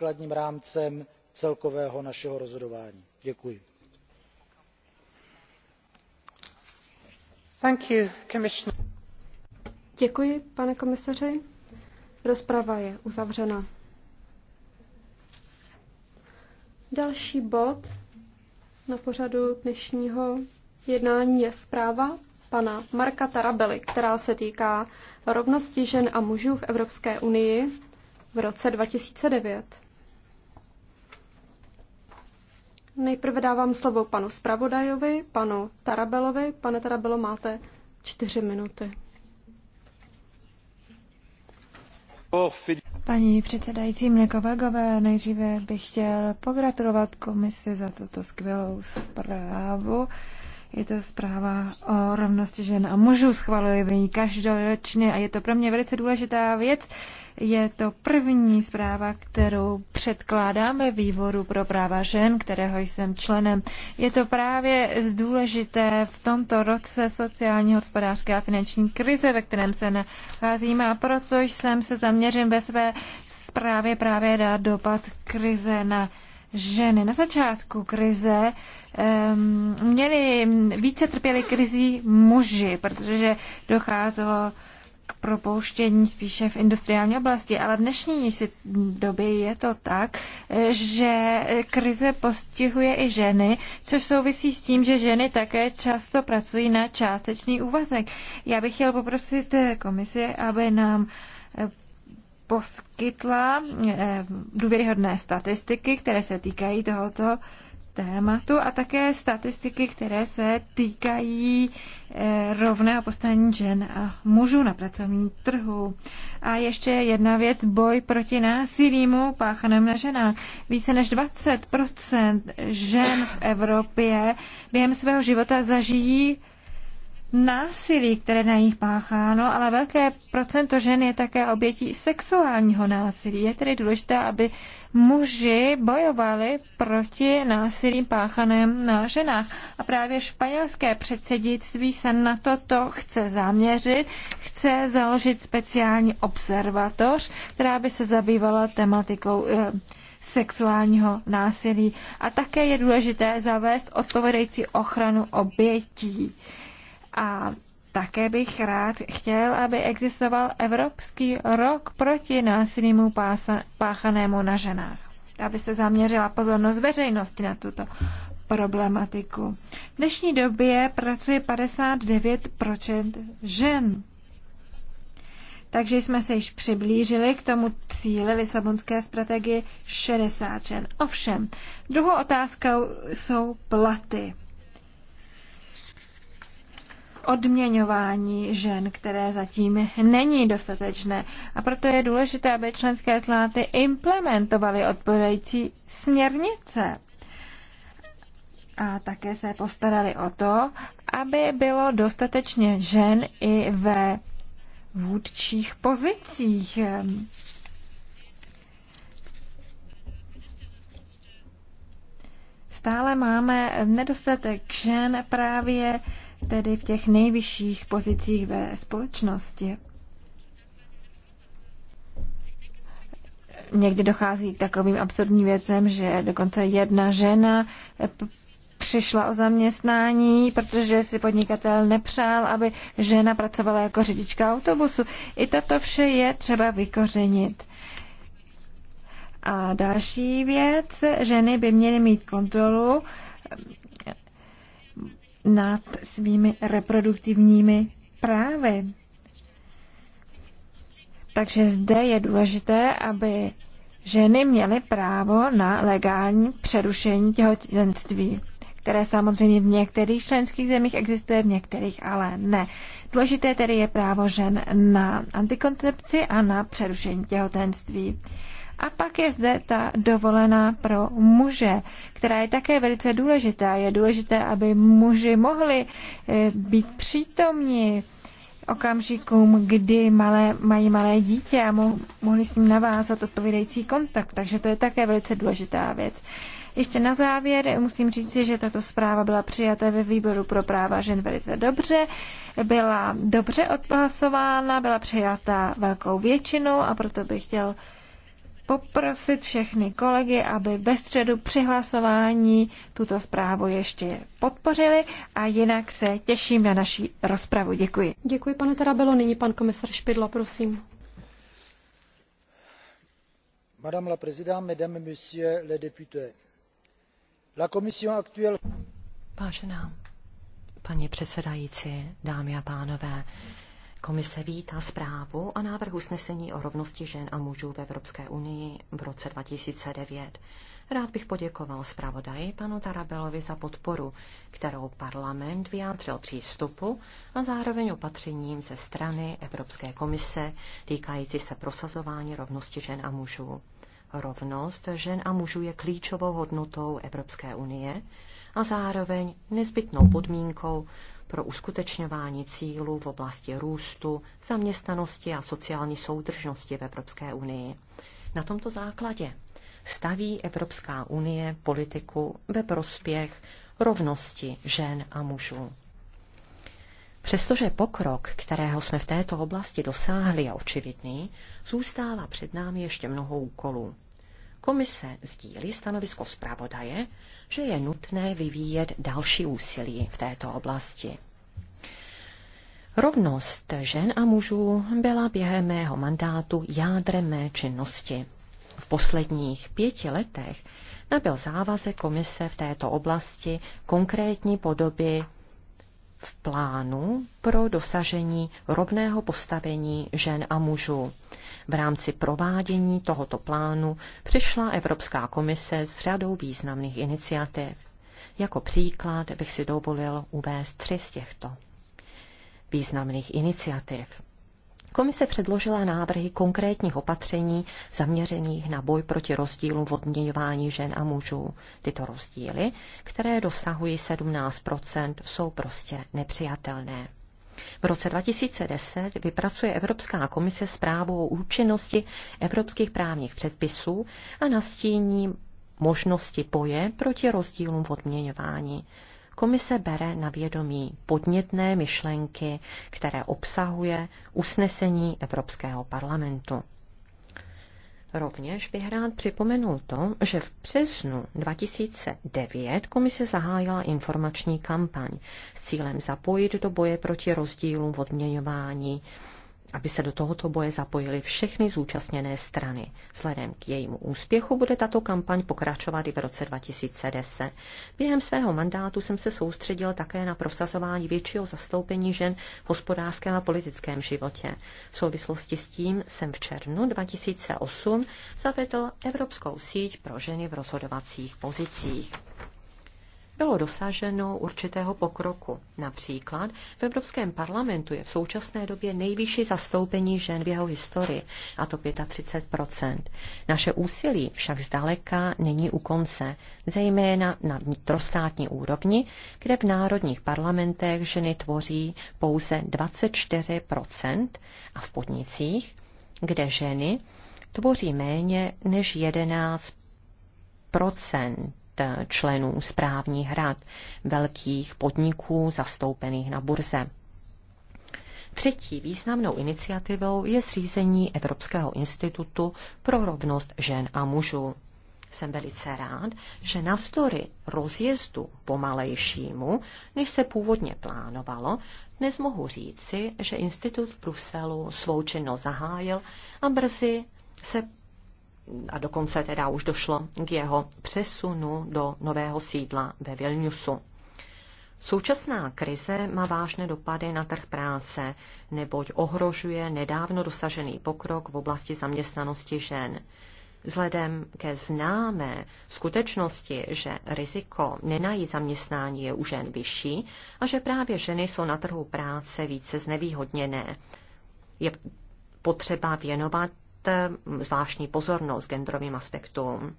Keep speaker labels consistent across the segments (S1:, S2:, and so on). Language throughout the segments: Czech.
S1: základním rámcem celkového našeho rozhodování. děkuji.
S2: děkuji pane komisaři rozprava je uzavřena. další bod na pořadu dnešního jednání je zpráva pana Marka Tarabely, která se týká rovnosti žen a mužů v Evropské unii v roce 2009. Nejprve dávám slovo panu zpravodajovi, panu Tarabelovi. Pane Tarabelo, máte čtyři minuty. Paní předsedající, mne kolegové,
S3: nejdříve bych chtěl pogratulovat komisi za tuto skvělou zprávu. Je to zpráva o rovnosti žen a mužů, schvaluje v ní každoročně a je to pro mě velice důležitá věc. Je to první zpráva, kterou předkládáme výboru pro práva žen, kterého jsem členem. Je to právě důležité v tomto roce sociální, hospodářské a finanční krize, ve kterém se nacházíme a proto jsem se zaměřím ve své zprávě právě dát dopad krize na ženy na začátku krize um, měly více trpěli krizí muži, protože docházelo k propouštění spíše v industriální oblasti, ale v dnešní době je to tak, že krize postihuje i ženy, což souvisí s tím, že ženy také často pracují na částečný úvazek. Já bych chtěl poprosit komisi, aby nám uh, poskytla eh, důvěryhodné statistiky, které se týkají tohoto tématu a také statistiky, které se týkají eh, rovného postavení žen a mužů na pracovním trhu. A ještě jedna věc, boj proti násilímu páchanému na ženách. Více než 20 žen v Evropě během svého života zažijí násilí, které na nich pácháno, ale velké procento žen je také obětí sexuálního násilí. Je tedy důležité, aby muži bojovali proti násilí páchaném na ženách. A právě španělské předsednictví se na toto chce zaměřit, chce založit speciální observatoř, která by se zabývala tematikou eh, sexuálního násilí. A také je důležité zavést odpovědající ochranu obětí. A také bych rád chtěl, aby existoval Evropský rok proti násilnímu páchanému na ženách. Aby se zaměřila pozornost veřejnosti na tuto problematiku. V dnešní době pracuje 59 žen. Takže jsme se již přiblížili k tomu cíli Lisabonské strategie 60 žen. Ovšem, druhou otázkou jsou platy odměňování žen, které zatím není dostatečné. A proto je důležité, aby členské státy implementovaly odpovědající směrnice. A také se postarali o to, aby bylo dostatečně žen i ve vůdčích pozicích. Stále máme nedostatek žen právě tedy v těch nejvyšších pozicích ve společnosti. Někdy dochází k takovým absurdním věcem, že dokonce jedna žena přišla o zaměstnání, protože si podnikatel nepřál, aby žena pracovala jako řidička autobusu. I toto vše je třeba vykořenit. A další věc, ženy by měly mít kontrolu nad svými reproduktivními právy. Takže zde je důležité, aby ženy měly právo na legální přerušení těhotenství, které samozřejmě v některých členských zemích existuje, v některých ale ne. Důležité tedy je právo žen na antikoncepci a na přerušení těhotenství. A pak je zde ta dovolená pro muže, která je také velice důležitá. Je důležité, aby muži mohli eh, být přítomní okamžikům, kdy malé, mají malé dítě a mohli s ním navázat odpovídající kontakt. Takže to je také velice důležitá věc. Ještě na závěr musím říct, že tato zpráva byla přijata ve výboru pro práva žen velice dobře, byla dobře odhlasována, byla přijata velkou většinou a proto bych chtěl poprosit všechny kolegy, aby ve středu při hlasování tuto zprávu ještě podpořili a jinak se těším na naší rozpravu. Děkuji.
S2: Děkuji, pane Tarabelo. Nyní pan komisar Špidla, prosím.
S1: Madame la présidente, mesdames et messieurs les députés. La commission actuelle...
S4: Vážená paní předsedající, dámy a pánové, Komise vítá zprávu a návrh usnesení o rovnosti žen a mužů v Evropské unii v roce 2009. Rád bych poděkoval zpravodaji panu Tarabelovi za podporu, kterou parlament vyjádřil přístupu a zároveň opatřením ze strany Evropské komise týkající se prosazování rovnosti žen a mužů. Rovnost žen a mužů je klíčovou hodnotou Evropské unie a zároveň nezbytnou podmínkou pro uskutečňování cílů v oblasti růstu, zaměstnanosti a sociální soudržnosti v Evropské unii. Na tomto základě staví Evropská unie politiku ve prospěch rovnosti žen a mužů. Přestože pokrok, kterého jsme v této oblasti dosáhli, je očividný, zůstává před námi ještě mnoho úkolů. Komise sdílí stanovisko zpravodaje, že je nutné vyvíjet další úsilí v této oblasti. Rovnost žen a mužů byla během mého mandátu jádrem mé činnosti. V posledních pěti letech nabyl závazek komise v této oblasti konkrétní podoby v plánu pro dosažení rovného postavení žen a mužů. V rámci provádění tohoto plánu přišla Evropská komise s řadou významných iniciativ. Jako příklad bych si dovolil uvést tři z těchto významných iniciativ. Komise předložila návrhy konkrétních opatření zaměřených na boj proti rozdílům v odměňování žen a mužů. Tyto rozdíly, které dosahují 17 jsou prostě nepřijatelné. V roce 2010 vypracuje Evropská komise zprávu o účinnosti evropských právních předpisů a nastíní možnosti boje proti rozdílům v odměňování. Komise bere na vědomí podnětné myšlenky, které obsahuje usnesení Evropského parlamentu. Rovněž bych rád připomenul to, že v březnu 2009 komise zahájila informační kampaň s cílem zapojit do boje proti rozdílům v odměňování aby se do tohoto boje zapojily všechny zúčastněné strany. Vzhledem k jejímu úspěchu bude tato kampaň pokračovat i v roce 2010. Během svého mandátu jsem se soustředil také na prosazování většího zastoupení žen v hospodářském a politickém životě. V souvislosti s tím jsem v červnu 2008 zavedl Evropskou síť pro ženy v rozhodovacích pozicích bylo dosaženo určitého pokroku. Například v Evropském parlamentu je v současné době nejvyšší zastoupení žen v jeho historii, a to 35 Naše úsilí však zdaleka není u konce, zejména na vnitrostátní úrovni, kde v národních parlamentech ženy tvoří pouze 24 a v podnicích, kde ženy tvoří méně než 11 Eh, členů správních rad velkých podniků zastoupených na burze. Třetí významnou iniciativou je zřízení Evropského institutu pro rovnost žen a mužů. Jsem velice rád, že navzdory rozjezdu pomalejšímu, než se původně plánovalo, dnes mohu říci, že institut v Bruselu svou činnost zahájil a brzy se a dokonce teda už došlo k jeho přesunu do nového sídla ve Vilniusu. Současná krize má vážné dopady na trh práce, neboť ohrožuje nedávno dosažený pokrok v oblasti zaměstnanosti žen. Vzhledem ke známé skutečnosti, že riziko nenajít zaměstnání je u žen vyšší a že právě ženy jsou na trhu práce více znevýhodněné, je potřeba věnovat Eh, zvláštní pozornost genderovým aspektům.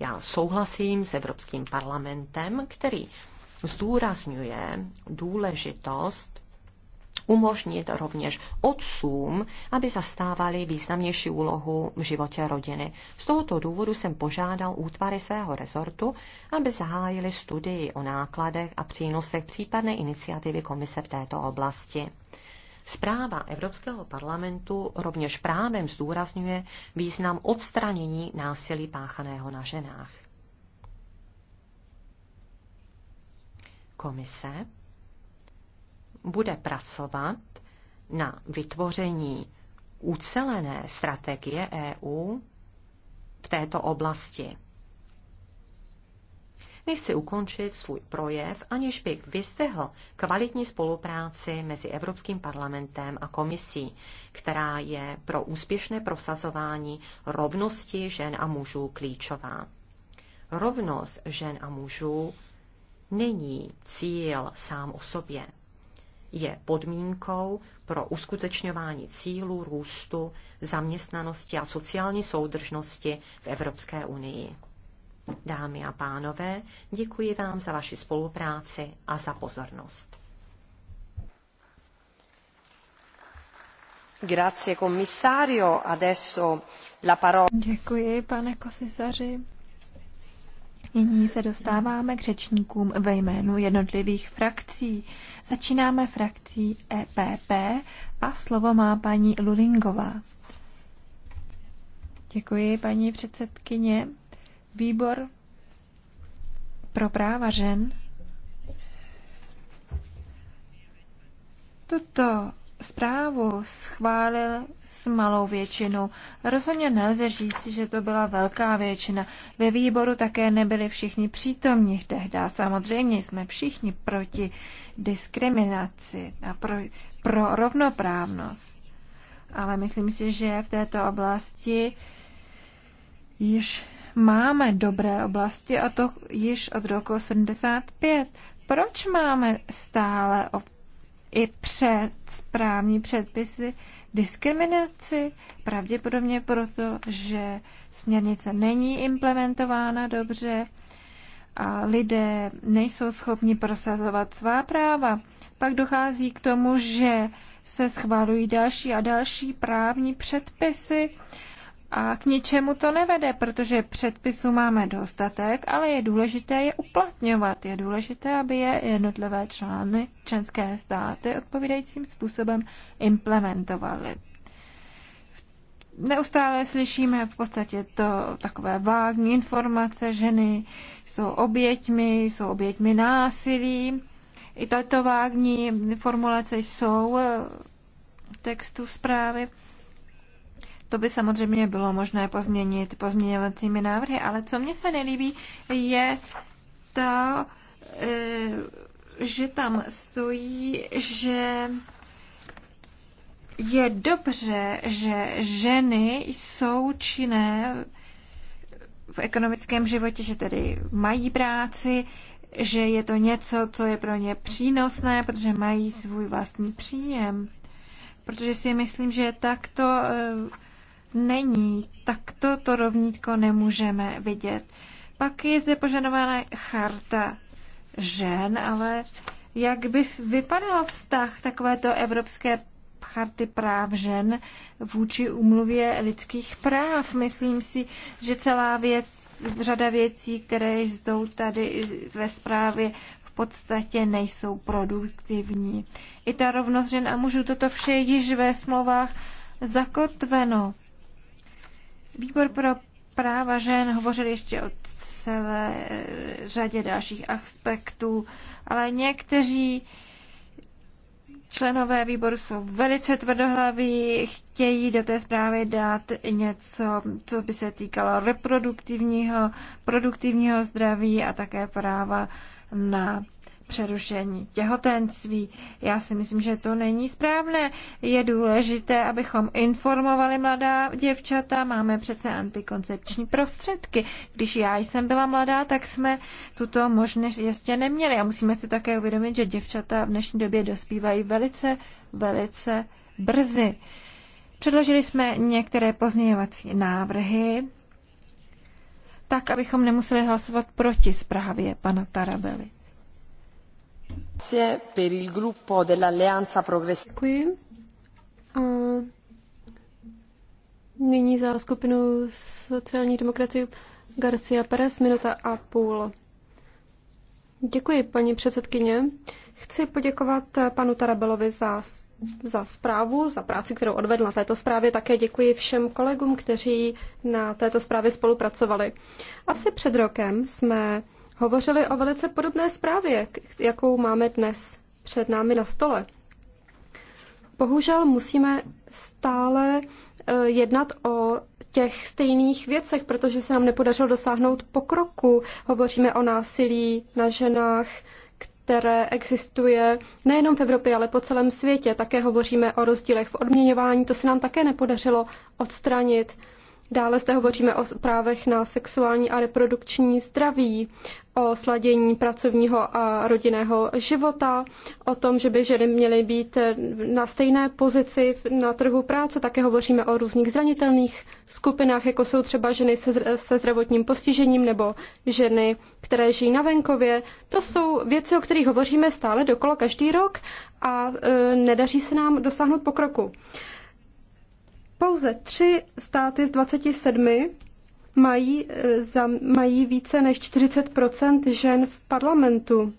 S4: Já souhlasím s Evropským parlamentem, který zdůrazňuje důležitost umožnit rovněž otcům, aby zastávali významnější úlohu v životě rodiny. Z tohoto důvodu jsem požádal útvary svého rezortu, aby zahájili studii o nákladech a přínosech případné iniciativy komise v této oblasti. Zpráva Evropského parlamentu rovněž právem zdůrazňuje význam odstranění násilí páchaného na ženách. Komise bude pracovat na vytvoření ucelené strategie EU v této oblasti. Nechci ukončit svůj projev, aniž bych vystihl kvalitní spolupráci mezi Evropským parlamentem a komisí, která je pro úspěšné prosazování rovnosti žen a mužů klíčová. Rovnost žen a mužů není cíl sám o sobě. Je podmínkou pro uskutečňování cílů růstu, zaměstnanosti a sociální soudržnosti v Evropské unii. Dámy a pánové, děkuji vám za vaši spolupráci a za pozornost.
S5: Grazie, commissario. Adesso la parola... Děkuji, pane komisaři.
S3: Nyní se dostáváme k řečníkům ve jménu jednotlivých frakcí. Začínáme frakcí EPP a slovo má paní Lulingová. Děkuji, paní předsedkyně. Výbor pro práva žen tuto zprávu schválil s malou většinou. Rozhodně nelze říct, že to byla velká většina. Ve výboru také nebyli všichni přítomní tehdy. Samozřejmě jsme všichni proti diskriminaci a pro, pro rovnoprávnost. Ale myslím si, že v této oblasti již Máme dobré oblasti a to již od roku 75. Proč máme stále i před správní předpisy diskriminaci? Pravděpodobně proto, že směrnice není implementována dobře a lidé nejsou schopni prosazovat svá práva. Pak dochází k tomu, že se schvalují další a další právní předpisy a k ničemu to nevede, protože předpisů máme dostatek, ale je důležité je uplatňovat. Je důležité, aby je jednotlivé člány členské státy odpovídajícím způsobem implementovaly. Neustále slyšíme v podstatě to takové vágní informace, ženy jsou oběťmi, jsou oběťmi násilí. I tato vágní formulace jsou v textu zprávy. To by samozřejmě bylo možné pozměnit pozměňovacími návrhy, ale co mně se nelíbí, je to, eh, že tam stojí, že je dobře, že ženy jsou činné v ekonomickém životě, že tedy mají práci, že je to něco, co je pro ně přínosné, protože mají svůj vlastní příjem. Protože si myslím, že takto eh, není. tak to rovnítko nemůžeme vidět. Pak je zde požadována charta žen, ale jak by vypadal vztah takovéto evropské charty práv žen vůči umluvě lidských práv? Myslím si, že celá věc, řada věcí, které jsou tady ve zprávě, v podstatě nejsou produktivní. I ta rovnost žen a mužů, toto vše je již ve smlouvách zakotveno. Výbor pro práva žen hovořil ještě o celé eh, řadě dalších aspektů, ale někteří členové výboru jsou velice tvrdohlaví, chtějí do té zprávy dát něco, co by se týkalo reproduktivního, produktivního zdraví a také práva na přerušení těhotenství. Já si myslím, že to není správné. Je důležité, abychom informovali mladá děvčata. Máme přece antikoncepční prostředky. Když já jsem byla mladá, tak jsme tuto možnost ještě neměli. A musíme si také uvědomit, že děvčata v dnešní době dospívají velice, velice brzy. Předložili jsme některé pozměňovací návrhy, tak abychom nemuseli hlasovat proti zprávě pana Tarabely.
S5: Děkuji.
S2: A nyní za skupinu sociální demokracie Garcia Perez, minuta a půl. Děkuji, paní předsedkyně. Chci poděkovat panu Tarabelovi za za zprávu, za práci, kterou odvedl na této zprávě. Také děkuji všem kolegům, kteří na této zprávě spolupracovali. Asi před rokem jsme hovořili o velice podobné zprávě, jakou máme dnes před námi na stole. Bohužel musíme stále e, jednat o těch stejných věcech, protože se nám nepodařilo dosáhnout pokroku. Hovoříme o násilí na ženách, které existuje nejenom v Evropě, ale po celém světě. Také hovoříme o rozdílech v odměňování, to se nám také nepodařilo odstranit. Dále zde hovoříme o právech na sexuální a reprodukční zdraví, o sladění pracovního a rodinného života, o tom, že by ženy měly být na stejné pozici na trhu práce. Také hovoříme o různých zranitelných skupinách, jako jsou třeba ženy se, se zdravotním postižením nebo ženy, které žijí na venkově. To jsou věci, o kterých hovoříme stále dokolo každý rok a e, nedaří se nám dosáhnout pokroku. Pouze tři státy z 27 mají, eh, za, mají více než 40 žen v parlamentu.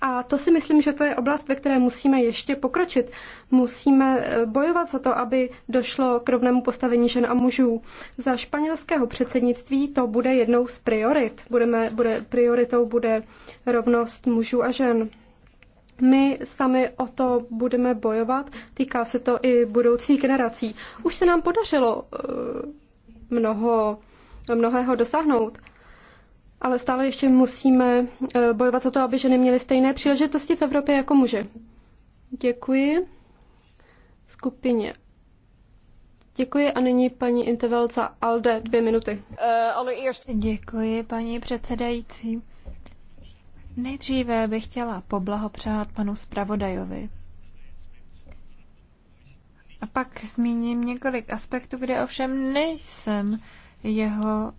S2: A to si myslím, že to je oblast, ve které musíme ještě pokročit. Musíme eh, bojovat za to, aby došlo k rovnému postavení žen a mužů. Za španělského předsednictví to bude jednou z priorit. Budeme, bude, prioritou bude rovnost mužů a žen. My sami o to budeme bojovat, týká se to i budoucích generací. Už se nám podařilo eh, mnoho, mnohého dosáhnout. Ale stále ještě musíme eh, bojovat za to, aby ženy měly stejné příležitosti v Evropě jako muže. Děkuji skupině. Děkuji a nyní paní Intervelca Alde, dvě minuty.
S3: Děkuji, paní předsedající. Nejdříve bych chtěla poblahopřát panu zpravodajovi. A pak zmíním několik aspektů, kde ovšem nejsem jeho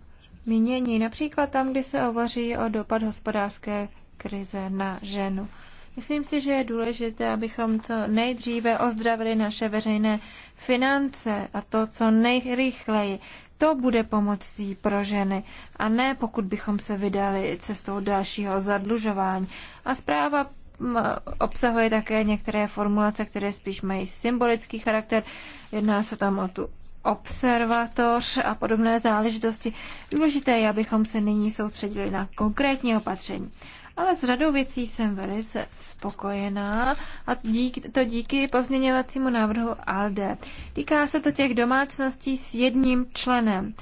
S3: mínění. Například tam, kdy se hovoří o dopad hospodářské krize na ženu. Myslím si, že je důležité, abychom co nejdříve ozdravili naše veřejné finance a to co nejrychleji. To bude pomocí pro ženy a ne pokud bychom se vydali cestou dalšího zadlužování. A zpráva obsahuje také některé formulace, které spíš mají symbolický charakter. Jedná se tam o tu observatoř a podobné záležitosti. Důležité je, abychom se nyní soustředili na konkrétní opatření. Ale s řadou věcí jsem velice spokojená a dík to díky pozměňovacímu návrhu ALDE. Týká se to těch domácností s jedním členem.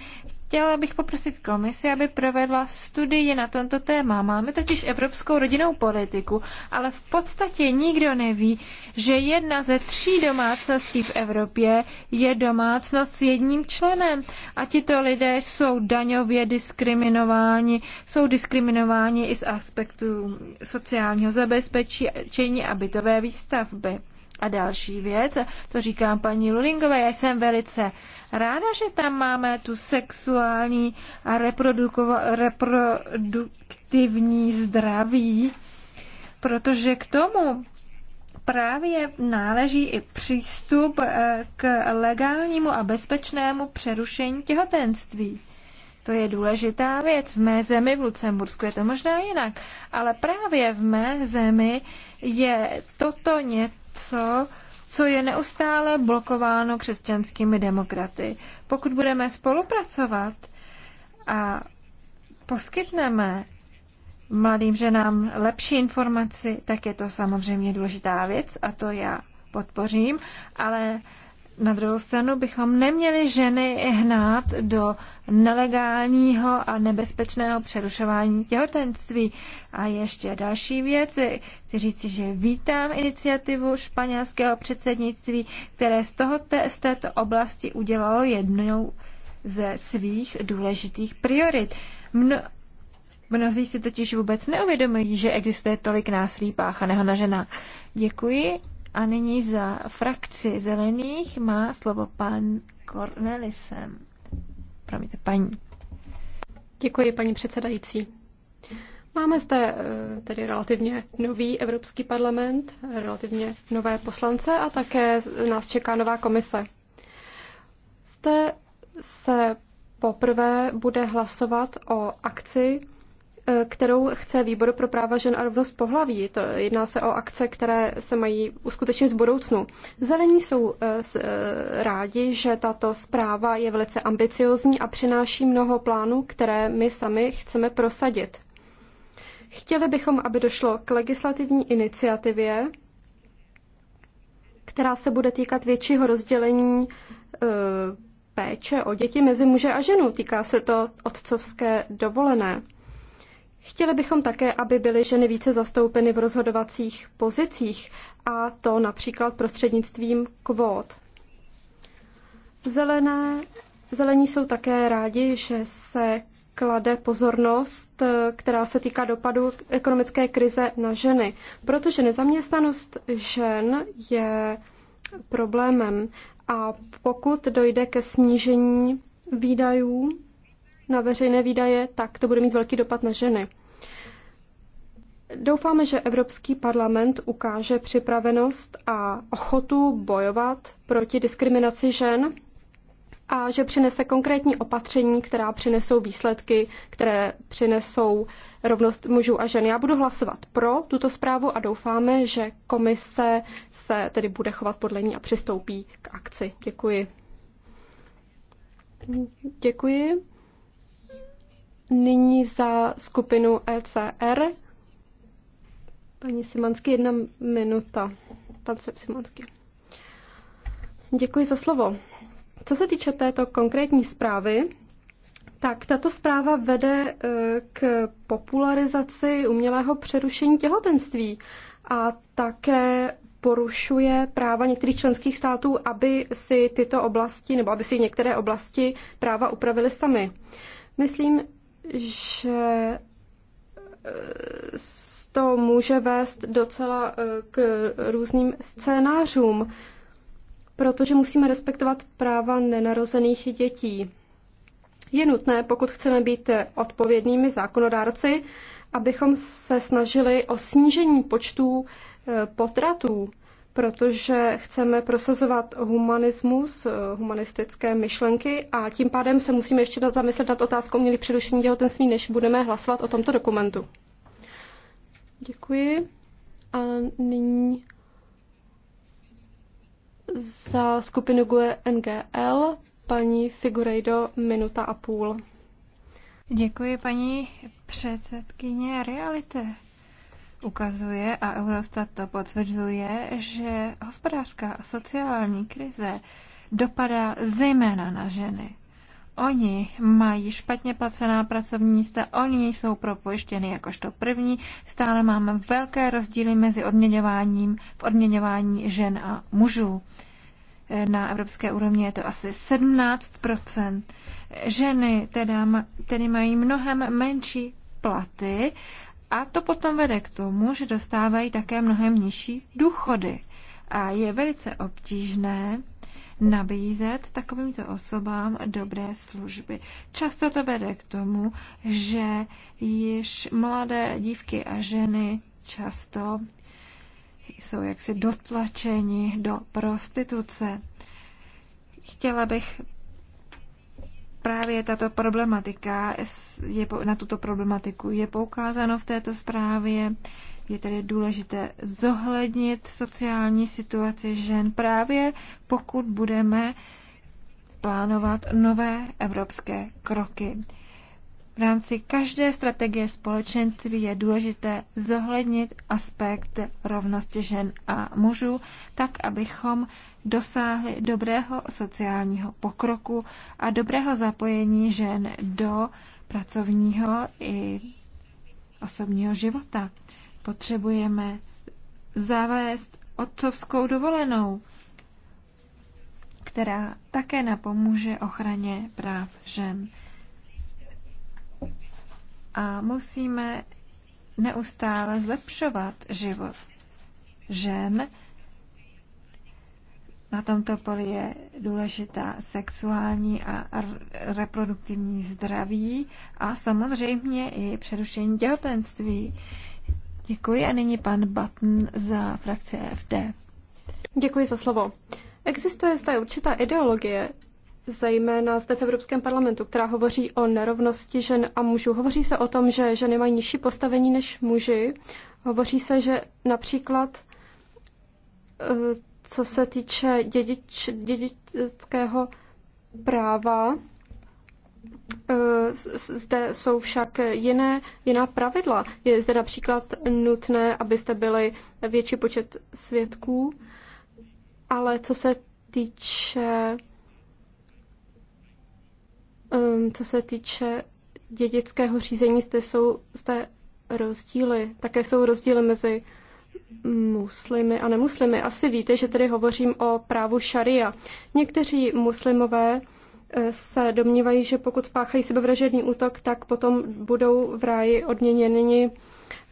S3: Chtěla bych poprosit komisi, aby provedla studii na tomto téma. Máme totiž evropskou rodinnou politiku, ale v podstatě nikdo neví, že jedna ze tří domácností v Evropě je domácnost s jedním členem. A tito lidé jsou daňově diskriminováni, jsou diskriminováni i z aspektu sociálního zabezpečení a bytové výstavby. A další věc, to říkám paní Lulingové, já jsem velice ráda, že tam máme tu sexuální a reproduktivní zdraví, protože k tomu právě náleží i přístup eh, k legálnímu a bezpečnému přerušení těhotenství. To je důležitá věc. V mé zemi, v Lucembursku, je to možná jinak, ale právě v mé zemi je toto ně, něco, co je neustále blokováno křesťanskými demokraty. Pokud budeme spolupracovat a poskytneme mladým ženám lepší informaci, tak je to samozřejmě důležitá věc a to já podpořím, ale na druhou stranu bychom neměli ženy hnát do nelegálního a nebezpečného přerušování těhotenství. A ještě další věc. Chci říct, že vítám iniciativu španělského předsednictví, které z, tohoto, z této oblasti udělalo jednou ze svých důležitých priorit. Mno, mnozí si totiž vůbec neuvědomují, že existuje tolik násilí páchaného na ženách. Děkuji a nyní za frakci zelených má slovo
S2: pan Cornelisem. Promiňte, paní. Děkuji, paní předsedající. Máme zde eh, tedy relativně nový Evropský parlament, relativně nové poslance a také nás čeká nová komise. Zde se poprvé bude hlasovat o akci Eh, kterou chce výbor pro práva žen a rovnost pohlaví. To jedná se o akce, které se mají uskutečnit v budoucnu. Zelení jsou eh, eh, rádi, že tato zpráva je velice ambiciozní a přináší mnoho plánů, které my sami chceme prosadit. Chtěli bychom, aby došlo k legislativní iniciativě, která se bude týkat většího rozdělení péče o děti mezi muže a ženu. Týká se to otcovské dovolené. Chtěli bychom také, aby byly ženy více zastoupeny v rozhodovacích pozicích, a to například prostřednictvím kvót. Zelené, zelení jsou také rádi, že se klade pozornost, která se týká dopadu ekonomické krize na ženy, protože nezaměstnanost žen je problémem a pokud dojde ke snížení výdajů na veřejné výdaje, tak to bude mít velký dopad na ženy. Doufáme, že Evropský parlament ukáže připravenost a ochotu bojovat proti diskriminaci žen a že přinese konkrétní opatření, která přinesou výsledky, které přinesou rovnost mužů a žen. Já budu hlasovat pro tuto zprávu a doufáme, že komise se tedy bude chovat podle ní a přistoupí k akci. Děkuji. Děkuji. Nyní za skupinu ECR. Paní Simansky, jedna minuta. Pan Simansky. Děkuji za slovo. Co se týče této konkrétní zprávy, tak tato zpráva vede e, k popularizaci umělého přerušení těhotenství a také porušuje práva některých členských států, aby si tyto oblasti nebo aby si některé oblasti práva upravili sami. Myslím, že eh, to může vést docela eh, k různým scénářům, protože musíme respektovat práva nenarozených dětí. Je nutné, pokud chceme být odpovědnými zákonodárci, abychom se snažili o snížení počtů eh, potratů protože chceme prosazovat humanismus, eh, humanistické myšlenky a tím pádem se musíme ještě zamyslet nad otázkou měli přerušení těhotenství, než budeme hlasovat o tomto dokumentu. Děkuji. A nyní za skupinu GUE NGL paní Figurejdo minuta a půl. Děkuji paní předsedkyně reality ukazuje a Eurostat
S3: to potvrzuje, že hospodářská a sociální krize dopadá zejména na ženy. Oni mají špatně placená pracovní místa, oni jsou propojištěny jakožto první. Stále máme velké rozdíly mezi odměňováním v odměňování žen a mužů. Na evropské úrovni je to asi 17 Ženy teda, tedy mají mnohem menší platy a to potom vede k tomu, že dostávají také mnohem nižší důchody. A je velice obtížné nabízet takovýmto osobám dobré služby. Často to vede k tomu, že již mladé dívky a ženy často jsou jaksi dotlačeni do prostituce. Chtěla bych právě tato problematika je, na tuto problematiku je poukázáno v této zprávě. Je tedy důležité zohlednit sociální situaci žen právě pokud budeme plánovat nové evropské kroky. V rámci každé strategie společenství je důležité zohlednit aspekt rovnosti žen a mužů, tak abychom dosáhli dobrého sociálního pokroku a dobrého zapojení žen do pracovního i osobního života. Potřebujeme zavést otcovskou dovolenou, která také napomůže ochraně práv žen. A musíme neustále zlepšovat život žen, na tomto poli je důležitá sexuální a reproduktivní zdraví a samozřejmě i přerušení těhotenství. Děkuji a nyní pan Button za frakci FD.
S2: Děkuji za slovo. Existuje zde určitá ideologie, zejména zde v Evropském parlamentu, která hovoří o nerovnosti žen a mužů. Hovoří se o tom, že ženy mají nižší postavení než muži. Hovoří se, že například eh, co se týče dědič, dědického práva, eh, zde jsou však jiné, jiná pravidla. Je zde například nutné, abyste byli větší počet svědků, ale co se týče ehm, co se týče dědického řízení, zde jsou zde rozdíly. Také jsou rozdíly mezi muslimy a nemuslimy. Asi víte, že tedy hovořím o právu šaria. Někteří muslimové eh, se domnívají, že pokud spáchají sebevražedný útok, tak potom budou v ráji odměněni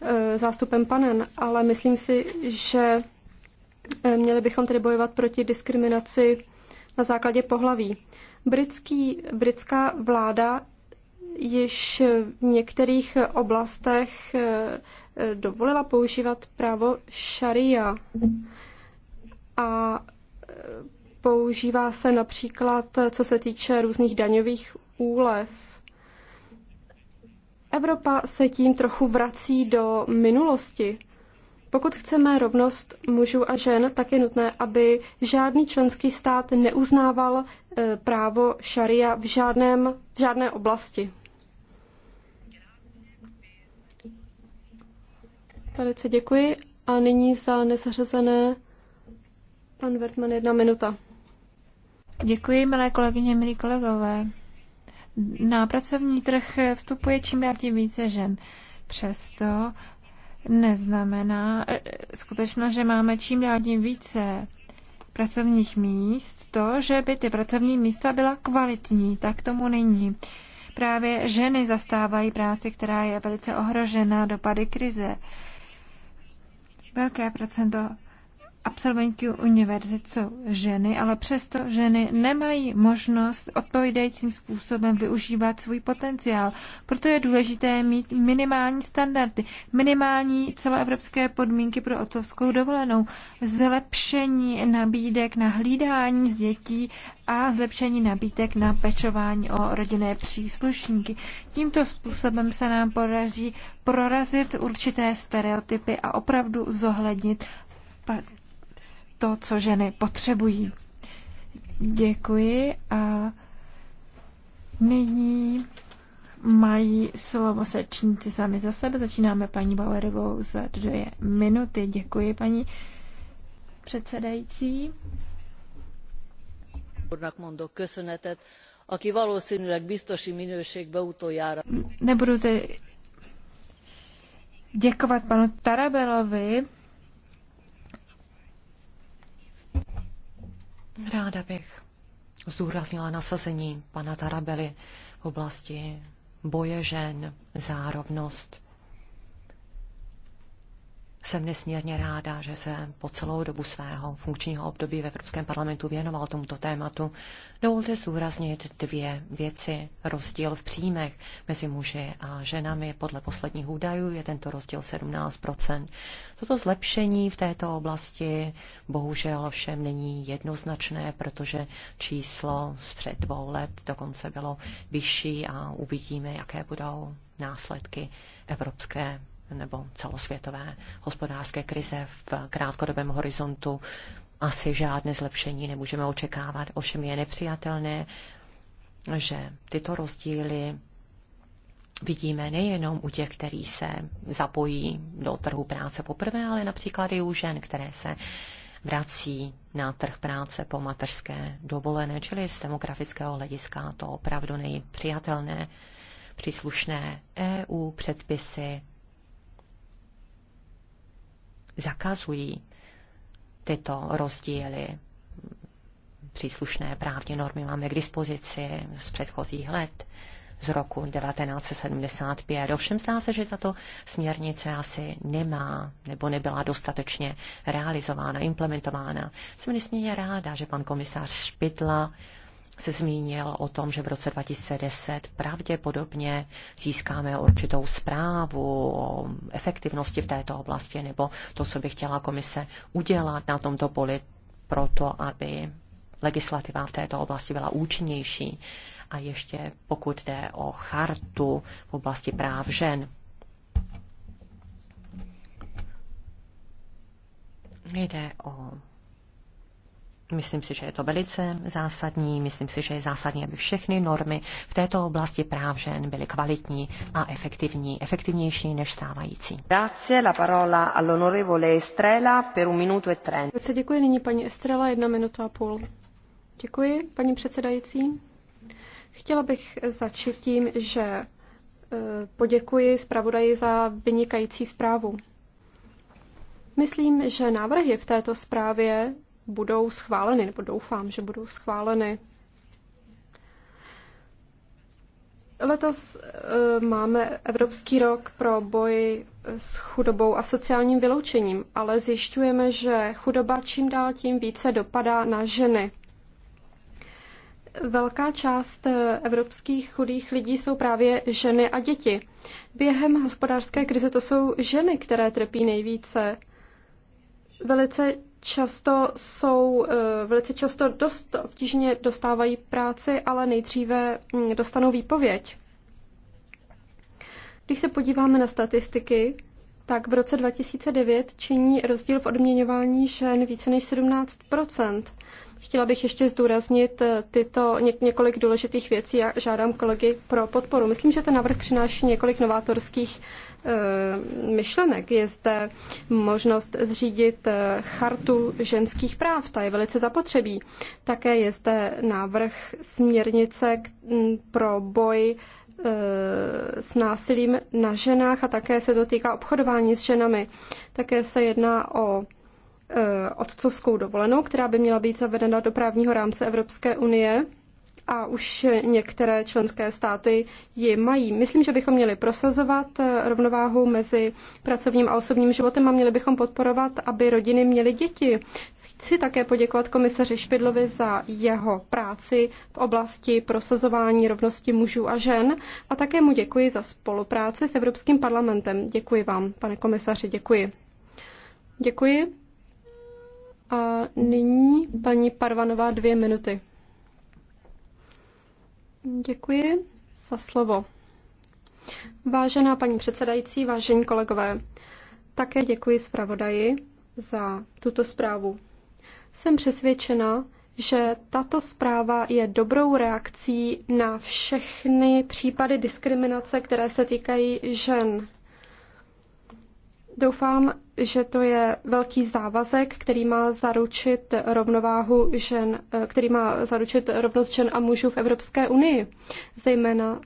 S2: eh, zástupem panen. Ale myslím si, že eh, měli bychom tedy bojovat proti diskriminaci na základě pohlaví. Britský, britská vláda již v některých oblastech dovolila používat právo šaria. A e, používá se například, co se týče různých daňových úlev. Evropa se tím trochu vrací do minulosti. Pokud chceme rovnost mužů a žen, tak je nutné, aby žádný členský stát neuznával e, právo šaria v, žádném, v žádné oblasti. Velice děkuji. A nyní za nezařazené pan Vertman jedna minuta.
S3: Děkuji, milé kolegyně, milí kolegové. Na pracovní trh vstupuje čím dál tím více žen. Přesto neznamená e, skutečnost, že máme čím dál tím více pracovních míst, to, že by ty pracovní místa byla kvalitní, tak tomu není. Právě ženy zastávají práci, která je velice ohrožena dopady krize velké procento absolventky univerzit jsou ženy, ale přesto ženy nemají možnost odpovídajícím způsobem využívat svůj potenciál. Proto je důležité mít minimální standardy, minimální celoevropské podmínky pro otcovskou dovolenou, zlepšení nabídek na hlídání z dětí a zlepšení nabídek na pečování o rodinné příslušníky. Tímto způsobem se nám podaří prorazit určité stereotypy a opravdu zohlednit to, co ženy potřebují. Děkuji a nyní mají slovo sečníci sami za sebe. Začínáme paní Bauerovou za dvě minuty. Děkuji, paní předsedající.
S4: aki valószínűleg biztosi minőségbe utoljára.
S3: Nebudu tedy děkovat panu Tarabelovi,
S4: Ráda bych zdůraznila nasazení pana Tarabely v oblasti boje žen za rovnost jsem nesmírně ráda, že jsem po celou dobu svého funkčního období v Evropském parlamentu věnoval tomuto tématu. Dovolte zúraznit dvě věci. Rozdíl v příjmech mezi muži a ženami podle posledních údajů je tento rozdíl 17 Toto zlepšení v této oblasti bohužel ovšem není jednoznačné, protože číslo z před dvou let dokonce bylo vyšší a uvidíme, jaké budou následky evropské nebo celosvětové hospodářské krize v krátkodobém horizontu asi žádné zlepšení nemůžeme očekávat. Ovšem je nepřijatelné, že tyto rozdíly vidíme nejenom u těch, kteří se zapojí do trhu práce poprvé, ale například i u žen, které se vrací na trh práce po mateřské dovolené, čili z demografického hlediska to opravdu nejpřijatelné. Příslušné EU předpisy zakazují tyto rozdíly. Příslušné právní normy máme k dispozici z předchozích let z roku 1975. Ovšem zdá se, že tato směrnice asi nemá nebo nebyla dostatečně realizována, implementována. Jsem nesmírně ráda, že pan komisář Špidla se zmínil o tom, že v roce 2010 pravděpodobně získáme určitou zprávu o efektivnosti v této oblasti nebo to, co by chtěla komise udělat na tomto poli proto, aby legislativa v této oblasti byla účinnější. A ještě pokud jde o chartu v oblasti práv žen, jde o Myslím si, že je to velice zásadní. Myslím si, že je zásadní, aby všechny normy v této oblasti práv žen byly kvalitní a efektivní, efektivnější než stávající.
S5: Grazie, la parola all'onorevole Estrela per un minuto e trenta.
S2: Děkuji nyní paní Estrela, jedna minuta a půl. Děkuji, paní předsedající. Chtěla bych začít tím, že eh, poděkuji zpravodaji za vynikající zprávu. Myslím, že návrhy v této zprávě budou schváleny, nebo doufám, že budou schváleny. Letos eh, máme Evropský rok pro boj s chudobou a sociálním vyloučením, ale zjišťujeme, že chudoba čím dál tím více dopadá na ženy. Velká část eh, evropských chudých lidí jsou právě ženy a děti. Během hospodářské krize to jsou ženy, které trpí nejvíce. Velice často jsou, eh, velice často dost obtížně dostávají práci, ale nejdříve mm, dostanou výpověď. Když se podíváme na statistiky, tak v roce 2009 činí rozdíl v odměňování žen více než 17 Chtěla bych ještě zdůraznit eh, tyto ně, několik důležitých věcí a žádám kolegy pro podporu. Myslím, že ten návrh přináší několik novátorských eh, myšlenek. Je zde možnost zřídit eh, chartu ženských práv, ta je velice zapotřebí. Také je zde návrh směrnice mm, pro boj s násilím na ženách a také se dotýká obchodování s ženami. Také se jedná o Eh, otcovskou dovolenou, která by měla být zavedena do právního rámce Evropské unie a už některé členské státy ji mají. Myslím, že bychom měli prosazovat eh, rovnováhu mezi pracovním a osobním životem a měli bychom podporovat, aby rodiny měly děti. Chci také poděkovat komisaři Špidlovi za jeho práci v oblasti prosazování rovnosti mužů a žen a také mu děkuji za spolupráci s Evropským parlamentem. Děkuji vám, pane komisaři, děkuji. Děkuji. A nyní paní Parvanová dvě minuty. Děkuji za slovo. Vážená paní předsedající, vážení kolegové, také děkuji zpravodaji za tuto zprávu. Jsem přesvědčena, že tato zpráva je dobrou reakcí na všechny případy diskriminace, které se týkají žen. Doufám, že to je velký závazek, který má zaručit rovnováhu žen, eh, který má zaručit rovnost žen a mužů v Evropské unii, zejména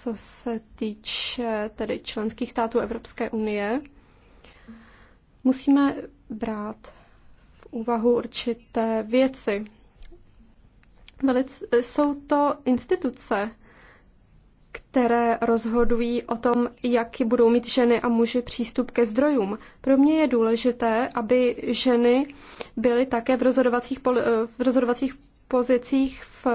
S2: co se týče tedy členských států Evropské unie. Musíme brát v úvahu určité věci. Velice, jsou to instituce, které rozhodují o tom, jaký budou mít ženy a muži přístup ke zdrojům. Pro mě je důležité, aby ženy byly také v rozhodovacích, eh, v rozhodovacích pozicích v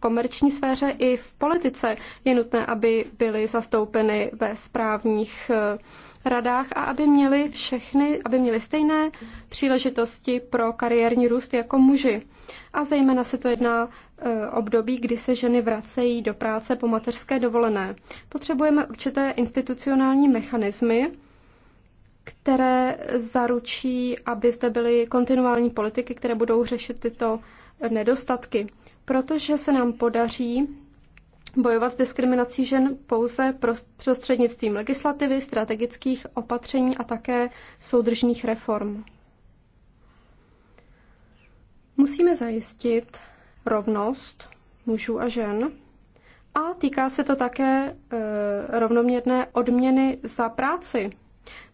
S2: komerční sféře i v politice. Je nutné, aby byly zastoupeny ve správních eh, radách a aby měly všechny, aby měly stejné příležitosti pro kariérní růst jako muži. A zejména se to jedná Eh, období, kdy se ženy vracejí do práce po mateřské dovolené. Potřebujeme určité institucionální mechanismy, které zaručí, aby zde byly kontinuální politiky, které budou řešit tyto nedostatky. Protože se nám podaří bojovat s diskriminací žen pouze prostřednictvím legislativy, strategických opatření a také soudržných reform. Musíme zajistit, rovnost mužů a žen. A týká se to také e, rovnoměrné odměny za práci.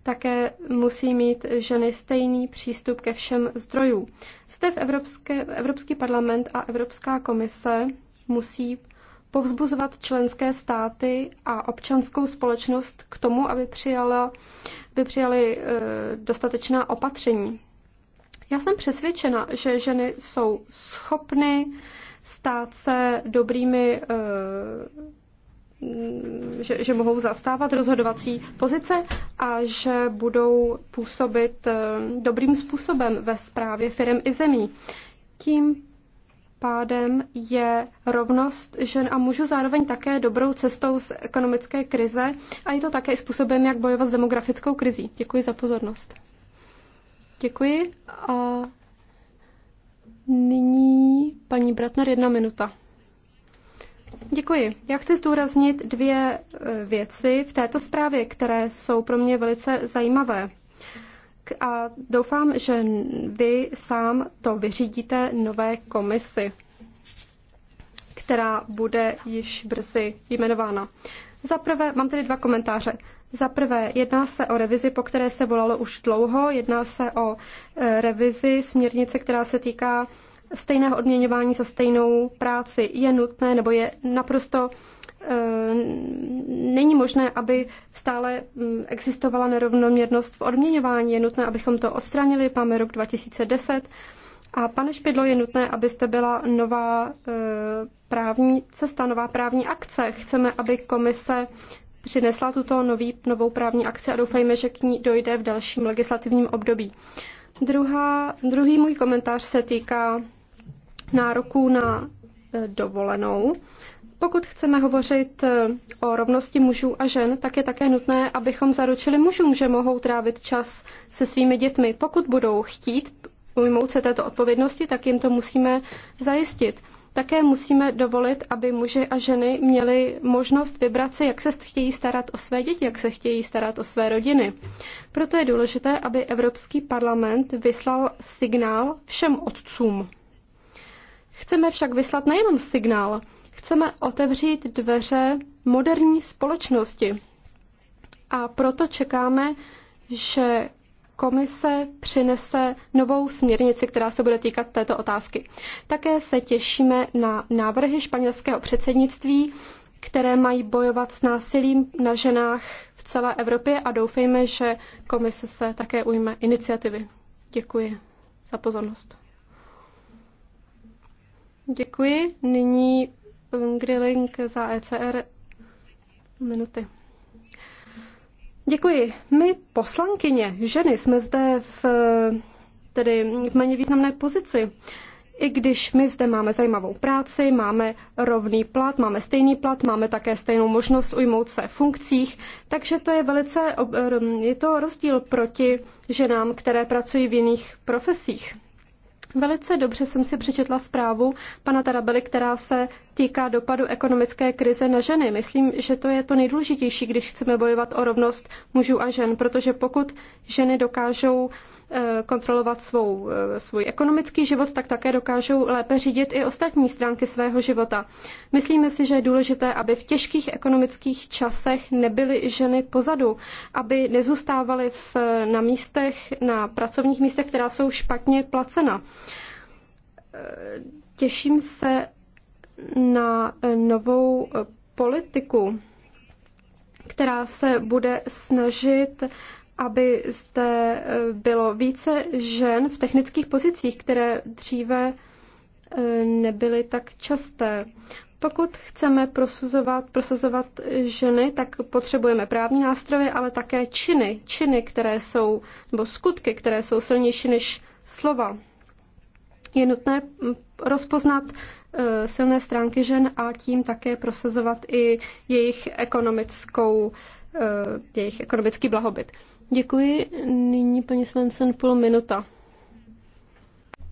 S2: Také musí mít ženy stejný přístup ke všem zdrojům. Zde v Evropské, Evropský parlament a Evropská komise musí povzbuzovat členské státy a občanskou společnost k tomu, aby, přijala, aby přijali e, dostatečná opatření. Já jsem přesvědčena, že ženy jsou schopny stát se dobrými, eh, že, že mohou zastávat rozhodovací pozice a že budou působit eh, dobrým způsobem ve správě firm i zemí. Tím pádem je rovnost žen a mužů zároveň také dobrou cestou z ekonomické krize a je to také způsobem, jak bojovat s demografickou krizí. Děkuji za pozornost. Děkuji a nyní paní Bratner jedna minuta. Děkuji. Já chci zdůraznit dvě e, věci v této zprávě, které jsou pro mě velice zajímavé. A doufám, že vy sám to vyřídíte nové komisi, která bude již brzy jmenována. Za prvé, mám tady dva komentáře. Za prvé, jedná se o revizi, po které se volalo už dlouho. Jedná se o e, revizi směrnice, která se týká stejného odměňování za stejnou práci. Je nutné nebo je naprosto e, není možné, aby stále existovala nerovnoměrnost v odměňování. Je nutné, abychom to odstranili. Máme rok 2010. A pane Špidlo, je nutné, abyste byla nová e, právní cesta, nová právní akce. Chceme, aby komise přinesla tuto nový, novou právní akci a doufejme, že k ní dojde v dalším legislativním období. Druhá, druhý můj komentář se týká nároků na e, dovolenou. Pokud chceme hovořit e, o rovnosti mužů a žen, tak je také nutné, abychom zaručili mužům, že mohou trávit čas se svými dětmi. Pokud budou chtít ujmout se této odpovědnosti, tak jim to musíme zajistit. Také musíme dovolit, aby muži a ženy měli možnost vybrat si, jak se chtějí starat o své děti, jak se chtějí starat o své rodiny. Proto je důležité, aby Evropský parlament vyslal signál všem otcům. Chceme však vyslat nejenom signál, chceme otevřít dveře moderní společnosti. A proto čekáme, že komise přinese novou směrnici, která se bude týkat této otázky. Také se těšíme na návrhy španělského předsednictví, které mají bojovat s násilím na ženách v celé Evropě a doufejme, že komise se také ujme iniciativy. Děkuji za pozornost. Děkuji. Nyní Grilling za ECR minuty. Děkuji. My poslankyně, ženy, jsme zde v, tedy v méně významné pozici. I když my zde máme zajímavou práci, máme rovný plat, máme stejný plat, máme také stejnou možnost ujmout se funkcích, takže to je velice, je to rozdíl proti ženám, které pracují v jiných profesích. Velice dobře jsem si přečetla zprávu pana Tarabely, která se týká dopadu ekonomické krize na ženy. Myslím, že to je to nejdůležitější, když chceme bojovat o rovnost mužů a žen, protože pokud ženy dokážou Eh, kontrolovat svou, eh, svůj ekonomický život, tak také dokážou lépe řídit i ostatní stránky svého života. Myslíme si, že je důležité, aby v těžkých ekonomických časech nebyly ženy pozadu, aby nezůstávaly v, eh, na místech, na pracovních místech, která jsou špatně placena. Těším se na novou politiku, která se bude snažit aby zde eh, bylo více žen v technických pozicích, které dříve eh, nebyly tak časté. Pokud chceme prosuzovat, prosazovat ženy, tak potřebujeme právní nástroje, ale také činy, činy, které jsou, nebo skutky, které jsou silnější než slova. Je nutné mm, rozpoznat eh, silné stránky žen a tím také prosazovat i jejich ekonomickou, jejich ekonomický blahobyt. Děkuji. Nyní paní Svensen půl minuta.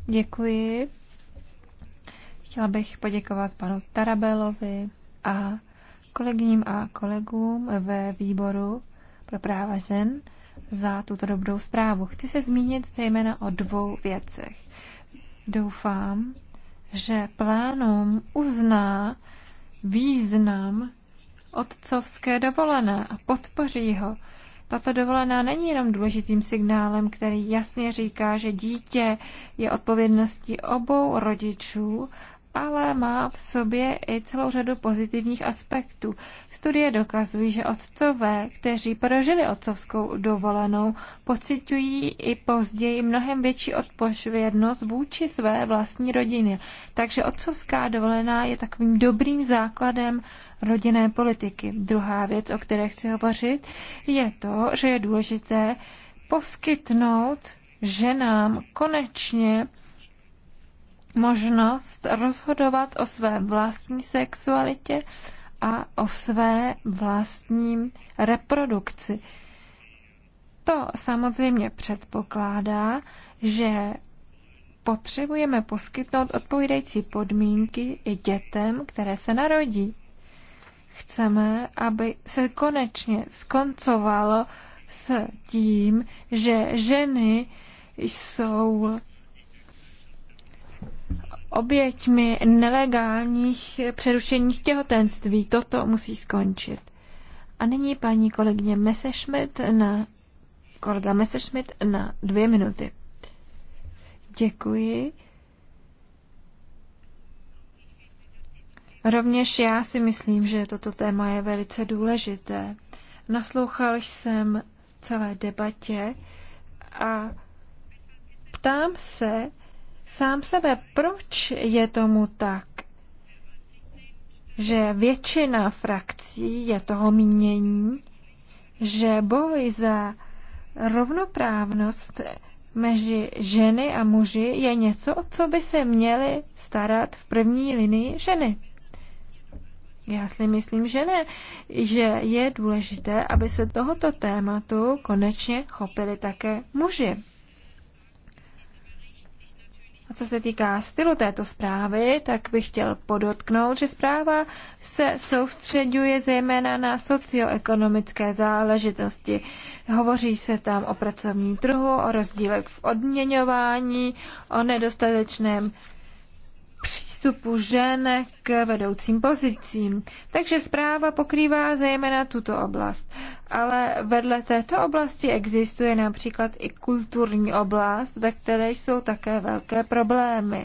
S2: Děkuji. Chtěla bych poděkovat
S3: panu Tarabelovi a kolegyním a kolegům ve výboru pro práva žen za tuto dobrou zprávu. Chci se zmínit zejména o dvou věcech. Doufám, že plénum uzná význam otcovské dovolené a podpoří ho. Tato dovolená není jenom důležitým signálem, který jasně říká, že dítě je odpovědností obou rodičů ale má v sobě i celou řadu pozitivních aspektů. Studie dokazují, že otcové, kteří prožili otcovskou dovolenou, pocitují i později mnohem větší odpovědnost vůči své vlastní rodině. Takže otcovská dovolená je takovým dobrým základem rodinné politiky. Druhá věc, o které chci hovořit, je to, že je důležité poskytnout ženám konečně možnost rozhodovat o své vlastní sexualitě a o své vlastní reprodukci. To samozřejmě předpokládá, že potřebujeme poskytnout odpovídající podmínky i dětem, které se narodí. Chceme, aby se konečně skoncovalo s tím, že ženy jsou oběťmi nelegálních přerušení těhotenství. Toto musí skončit. A nyní paní kolegyně Messerschmidt na kolega Messerschmidt na dvě minuty. Děkuji. Rovněž já si myslím, že toto téma je velice důležité. Naslouchal jsem celé debatě a ptám se, sám sebe, proč je tomu tak, že většina frakcí je toho mínění, že boj za rovnoprávnost mezi ženy a muži je něco, o co by se měly starat v první linii ženy. Já si myslím, že ne, že je důležité, aby se tohoto tématu konečně chopili také muži. A co se týká stylu této zprávy, tak bych chtěl podotknout, že zpráva se soustředuje zejména na socioekonomické záležitosti. Hovoří se tam o pracovním trhu, o rozdílech v odměňování, o nedostatečném přístupu žen k vedoucím pozicím. Takže zpráva pokrývá zejména tuto oblast. Ale vedle této oblasti existuje například i kulturní oblast, ve které jsou také velké problémy.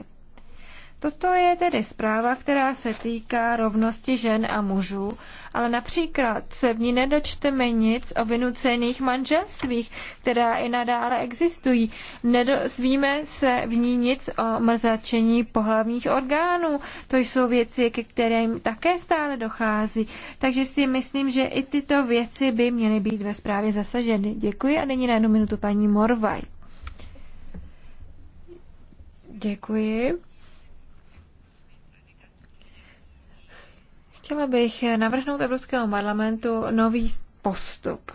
S3: Toto je tedy zpráva, která se týká rovnosti žen a mužů, ale například se v ní nedočteme nic o vynucených manželstvích, která i nadále existují. Nedozvíme se v ní nic o mrzačení pohlavních orgánů. To jsou věci, ke kterým také stále dochází. Takže si myslím, že i tyto věci by měly být ve zprávě zasaženy. Děkuji a nyní na jednu minutu paní Morvaj. Děkuji. Chtěla bych navrhnout Evropskému parlamentu nový postup.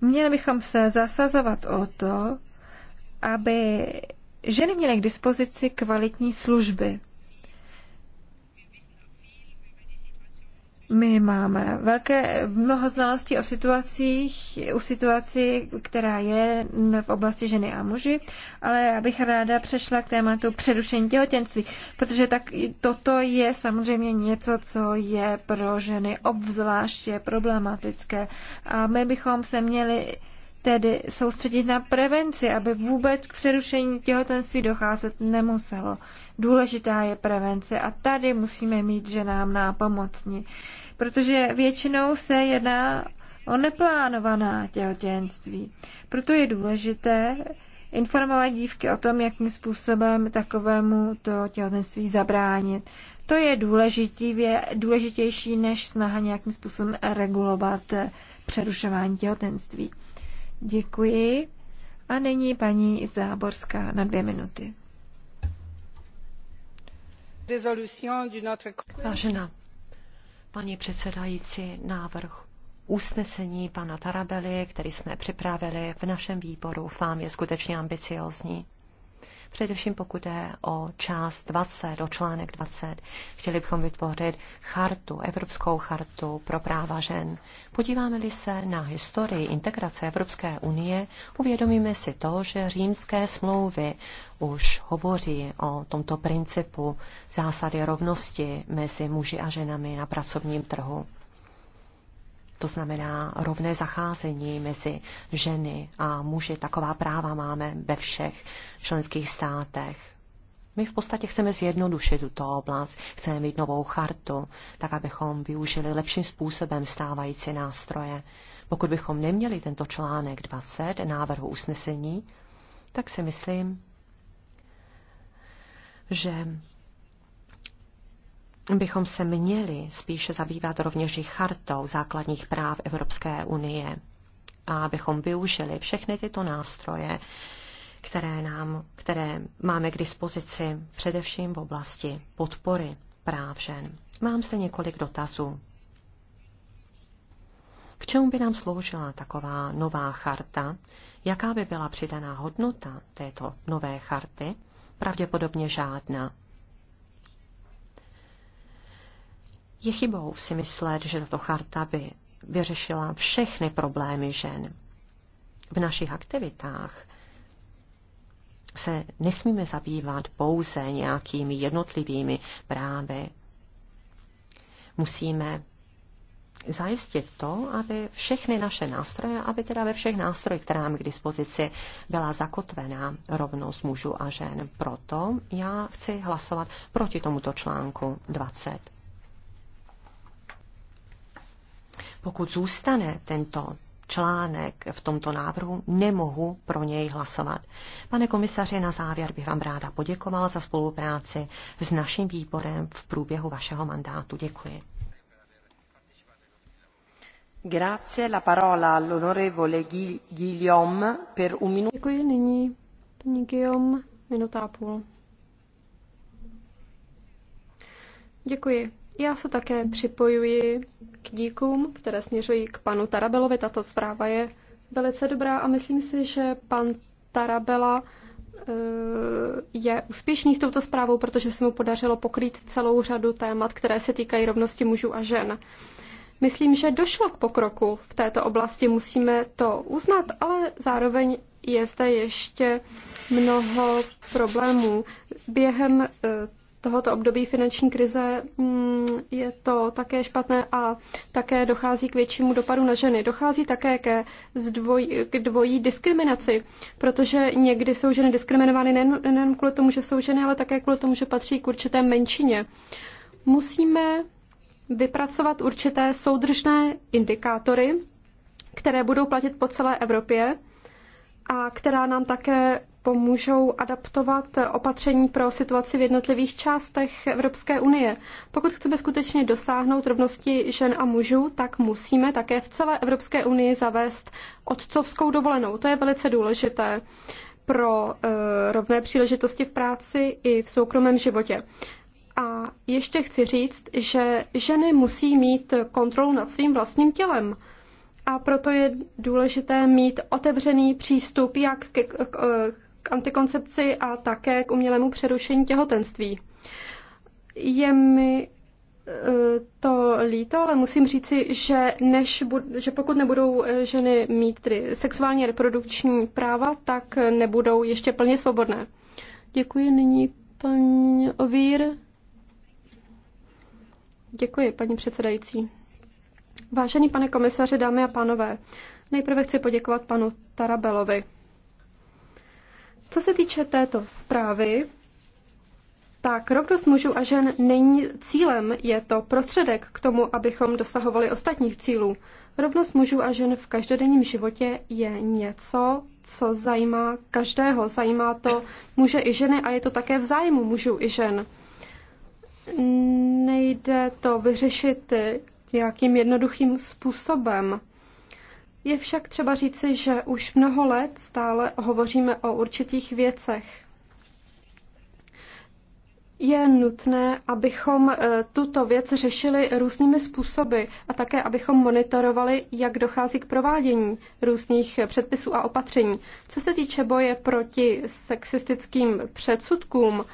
S3: Měli bychom se zasazovat o to, aby ženy měly k dispozici kvalitní služby. My máme velké mnoho znalostí o situacích, u situaci, která je v oblasti ženy a muži, ale já bych ráda přešla k tématu přerušení těhotenství, protože tak toto je samozřejmě něco, co je pro ženy obzvláště problematické. A my bychom se měli tedy soustředit na prevenci, aby vůbec k přerušení těhotenství docházet nemuselo. Důležitá je prevence a tady musíme mít ženám nápomocní protože většinou se jedná o neplánovaná těhotenství. Proto je důležité informovat dívky o tom, jakým způsobem takovému to těhotenství zabránit. To je důležitější než snaha nějakým způsobem regulovat eh, přerušování těhotenství. Děkuji. A nyní paní Záborská na dvě minuty.
S4: Vážená paní předsedající, návrh usnesení pana Tarabely, který jsme připravili v našem výboru, fám je skutečně ambiciozní především pokud je o část 20, o článek 20. Chtěli bychom vytvořit chartu, Evropskou chartu pro práva žen. Podíváme-li se na historii integrace Evropské unie, uvědomíme si to, že římské smlouvy už hovoří o tomto principu zásady rovnosti mezi muži a ženami na pracovním trhu to znamená rovné zacházení mezi ženy a muži. Taková práva máme ve všech členských státech. My v podstatě chceme zjednodušit tuto oblast, chceme mít novou chartu, tak abychom využili lepším způsobem stávající nástroje. Pokud bychom neměli tento článek 20 návrhu usnesení, tak si myslím, že bychom se měli spíše zabývat rovněž i chartou základních práv Evropské unie a abychom využili všechny tyto nástroje, které, nám, které máme k dispozici především v oblasti podpory práv žen. Mám zde několik dotazů. K čemu by nám sloužila taková nová charta? Jaká by byla přidaná hodnota této nové charty? Pravděpodobně žádná. Je chybou si myslet, že tato charta by vyřešila všechny problémy žen. V našich aktivitách se nesmíme zabývat pouze nějakými jednotlivými právy. Musíme zajistit to, aby všechny naše nástroje, aby teda ve všech nástrojích, které mám k dispozici, byla zakotvená rovnost mužů a žen. Proto já chci hlasovat proti tomuto článku 20. Pokud zůstane tento článek v tomto návrhu, nemohu pro něj hlasovat. Pane komisaři, na závěr bych vám ráda poděkovala za spolupráci s naším výborem v průběhu vašeho mandátu. Děkuji.
S5: Grazie, la parola all'onorevole Guillaume per un minuto. Děkuji nyní,
S2: paní Guillaume, minuta a půl. Děkuji. Já se také připojuji k díkům, které směřují k panu Tarabelovi. Tato zpráva je velice dobrá a myslím si, že pan Tarabela eh, je úspěšný s touto zprávou, protože se mu podařilo pokrýt celou řadu témat, které se týkají rovnosti mužů a žen. Myslím, že došlo k pokroku v této oblasti, musíme to uznat, ale zároveň je zde ještě mnoho problémů. Během eh, tohoto období finanční krize mm, je to také špatné a také dochází k většímu dopadu na ženy. Dochází také ke zdvoj, k dvojí diskriminaci, protože někdy jsou ženy diskriminovány nejen, nejen kvůli tomu, že jsou ženy, ale také kvůli tomu, že patří k určité menšině. Musíme vypracovat určité soudržné indikátory, které budou platit po celé Evropě a která nám také pomůžou adaptovat opatření pro situaci v jednotlivých částech Evropské unie. Pokud chceme skutečně dosáhnout rovnosti žen a mužů, tak musíme také v celé Evropské unii zavést otcovskou dovolenou. To je velice důležité pro eh, rovné příležitosti v práci i v soukromém životě. A ještě chci říct, že ženy musí mít kontrolu nad svým vlastním tělem. A proto je důležité mít otevřený přístup jak k, k, k k antikoncepci a také k umělému přerušení těhotenství. Je mi eh, to líto, ale musím říci, že, než, že pokud nebudou eh, ženy mít tedy sexuální reprodukční práva, tak nebudou ještě plně svobodné. Děkuji nyní paní Ovír. Děkuji, paní předsedající. Vážený pane komisaři, dámy a pánové, nejprve chci poděkovat panu Tarabelovi. Co se týče této zprávy, tak rovnost mužů a žen není cílem, je to prostředek k tomu, abychom dosahovali ostatních cílů. Rovnost mužů a žen v každodenním životě je něco, co zajímá každého. Zajímá to muže i ženy a je to také v zájmu mužů i žen. Nejde to vyřešit nějakým jednoduchým způsobem. Je však třeba říci, že už mnoho let stále hovoříme o určitých věcech. Je nutné, abychom eh, tuto věc řešili různými způsoby a také, abychom monitorovali, jak dochází k provádění různých předpisů a opatření. Co se týče boje proti sexistickým předsudkům,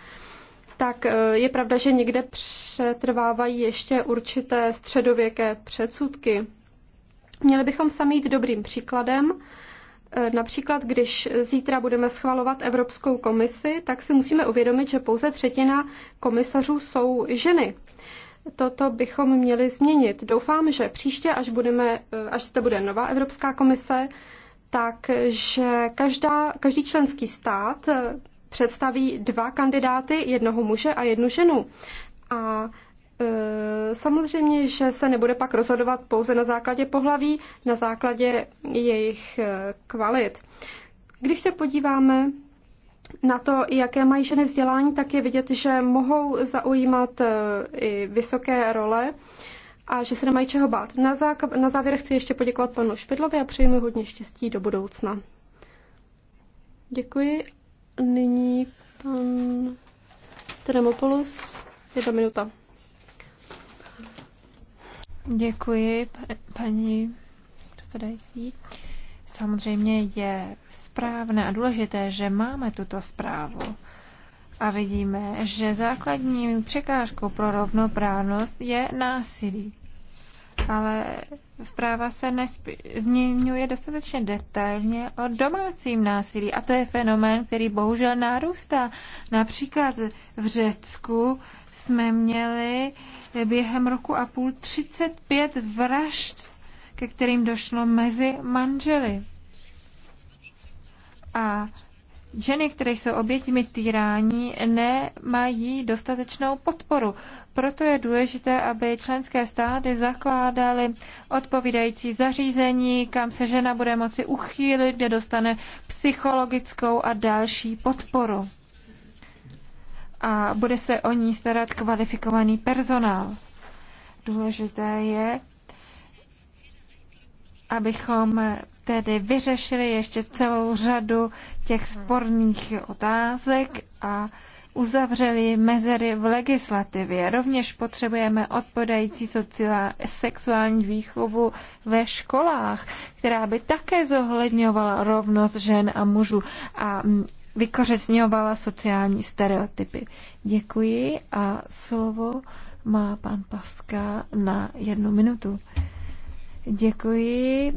S2: tak eh, je pravda, že někde přetrvávají ještě určité středověké předsudky. Měli bychom sami jít dobrým příkladem. E, například, když zítra budeme schvalovat Evropskou komisi, tak si musíme uvědomit, že pouze třetina komisařů jsou ženy. Toto bychom měli změnit. Doufám, že příště, až, budeme, e, až zde bude nová Evropská komise, takže každá, každý členský stát e, představí dva kandidáty, jednoho muže a jednu ženu. A Eh, samozřejmě, že se nebude pak rozhodovat pouze na základě pohlaví, na základě jejich eh, kvalit. Když se podíváme na to, jaké mají ženy vzdělání, tak je vidět, že mohou zaujímat eh, i vysoké role a že se nemají čeho bát. Na, zá- na závěr chci ještě poděkovat panu Špidlovi a přeji mu hodně štěstí do budoucna. Děkuji. Nyní pan Tremopoulos. Jedna minuta.
S3: Děkuji, paní předsedající. Samozřejmě je správné a důležité, že máme tuto zprávu. A vidíme, že základní překážkou pro rovnoprávnost je násilí. Ale zpráva se změňuje dostatečně detailně o domácím násilí. A to je fenomén, který bohužel narůstá. Například v Řecku jsme měli během roku a půl 35 vražd, ke kterým došlo mezi manželi. A ženy, které jsou oběťmi týrání, nemají dostatečnou podporu. Proto je důležité, aby členské státy zakládaly odpovídající zařízení, kam se žena bude moci uchýlit, kde dostane psychologickou a další podporu a bude se o ní starat kvalifikovaný personál. Důležité je, abychom tedy vyřešili ještě celou řadu těch sporných otázek a uzavřeli mezery v legislativě. Rovněž potřebujeme odpodající sexuální výchovu ve školách, která by také zohledňovala rovnost žen a mužů. A vykořesňovala sociální stereotypy. Děkuji a slovo má pan Paska na jednu minutu. Děkuji.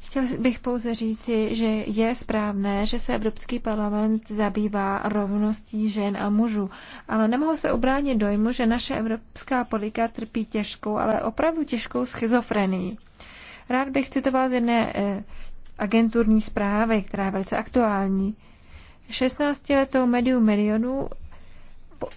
S3: Chtěl bych pouze říci, že je správné, že se Evropský parlament zabývá rovností žen a mužů, ale nemohu se obránit dojmu, že naše evropská politika trpí těžkou, ale opravdu těžkou schizofrenii. Rád bych citoval z jedné eh, agenturní zprávy, která je velice aktuální. 16-letou Mediu Milionů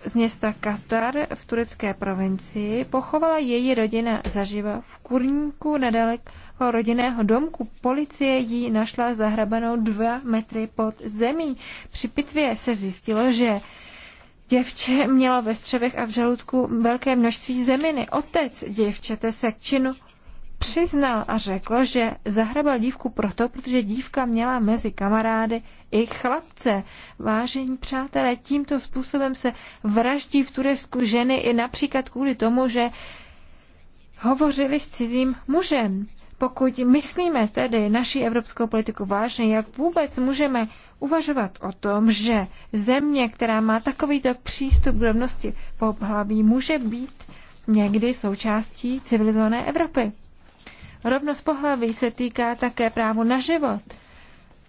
S3: z města Katar v turecké provincii pochovala její rodina zaživa v kurníku nedaleko rodinného domku. Policie ji našla zahrabanou dva metry pod zemí. Při pitvě se zjistilo, že děvče mělo ve střevech a v žaludku velké množství zeminy. Otec děvčete se k činu přiznal a řekl, že zahrabal dívku proto, protože dívka měla mezi kamarády i chlapce. Vážení přátelé, tímto způsobem se vraždí v Turecku ženy i například kvůli tomu, že hovořili s cizím mužem. Pokud myslíme tedy naši evropskou politiku vážně, jak vůbec můžeme uvažovat o tom, že země, která má takovýto přístup k rovnosti pohlaví, může být někdy součástí civilizované Evropy. Rovnost pohlaví se týká také právu na život.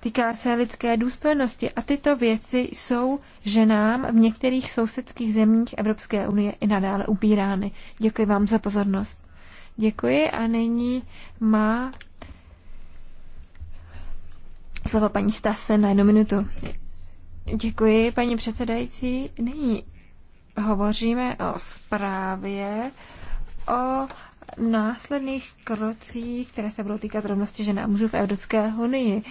S3: Týká se lidské důstojnosti a tyto věci jsou ženám v některých sousedských zemích Evropské unie i nadále upírány. Děkuji vám za pozornost. Děkuji a nyní má slovo paní Stase na jednu minutu. Děkuji, paní předsedající. Nyní hovoříme o zprávě o následných krocích, které se budou týkat rovnosti žen a mužů v Evropské unii.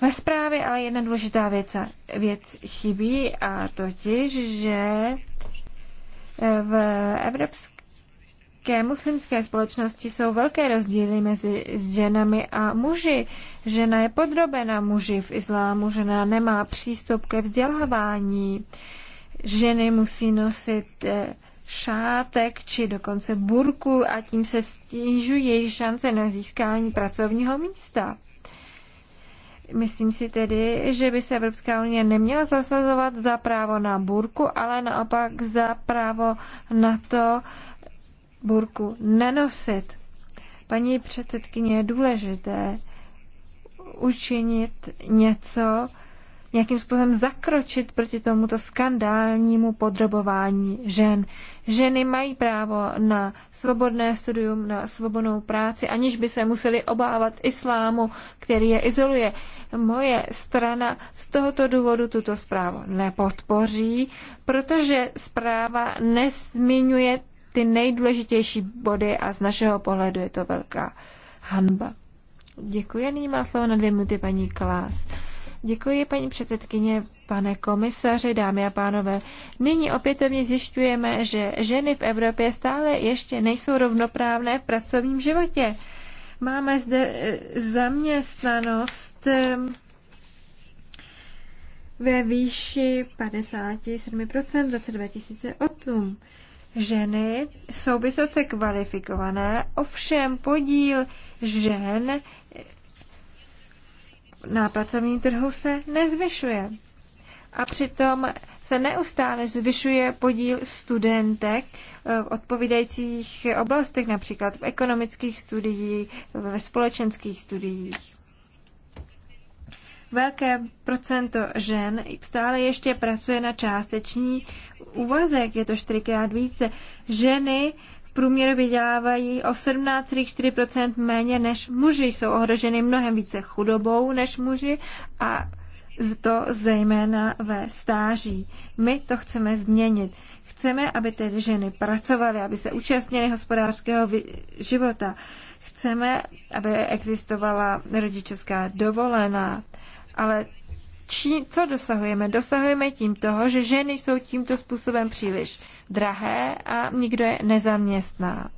S3: Ve zprávě ale jedna důležitá věc, věc chybí a totiž, že v evropské muslimské společnosti jsou velké rozdíly mezi ženami a muži. Žena je podrobena muži v islámu, žena nemá přístup ke vzdělávání, ženy musí nosit eh, šátek či dokonce burku a tím se stížují jejich šance na získání pracovního místa. Myslím si tedy, že by se Evropská unie neměla zasazovat za právo na burku, ale naopak za právo na to burku nenosit. Paní předsedkyně, je důležité učinit něco, nějakým způsobem zakročit proti tomuto skandálnímu podrobování žen. Ženy mají právo na svobodné studium, na svobodnou práci, aniž by se museli obávat islámu, který je izoluje. Moje strana z tohoto důvodu tuto zprávu nepodpoří, protože zpráva nesmiňuje ty nejdůležitější body a z našeho pohledu je to velká hanba. Děkuji nyní má slovo na dvě minuty paní Klás. Děkuji, paní předsedkyně, pane komisaři, dámy a pánové. Nyní opětovně zjišťujeme, že ženy v Evropě stále ještě nejsou rovnoprávné v pracovním životě. Máme zde e, zaměstnanost e, ve výši 57% v roce 2008. Ženy jsou vysoce kvalifikované, ovšem podíl žen na pracovním trhu se nezvyšuje. A přitom se neustále zvyšuje podíl studentek eh, v odpovídajících oblastech, například v ekonomických studiích, ve společenských studiích. Velké procento žen stále ještě pracuje na částečný úvazek, je to čtyřikrát více. Ženy průměru vydělávají o 17,4 méně než muži, jsou ohroženy mnohem více chudobou než muži a to zejména ve stáří. My to chceme změnit. Chceme, aby tedy ženy pracovaly, aby se účastnily hospodářského života. Chceme, aby existovala rodičovská dovolená, ale Čí, co dosahujeme? Dosahujeme tím toho, že ženy jsou tímto způsobem příliš drahé a nikdo je nezaměstná.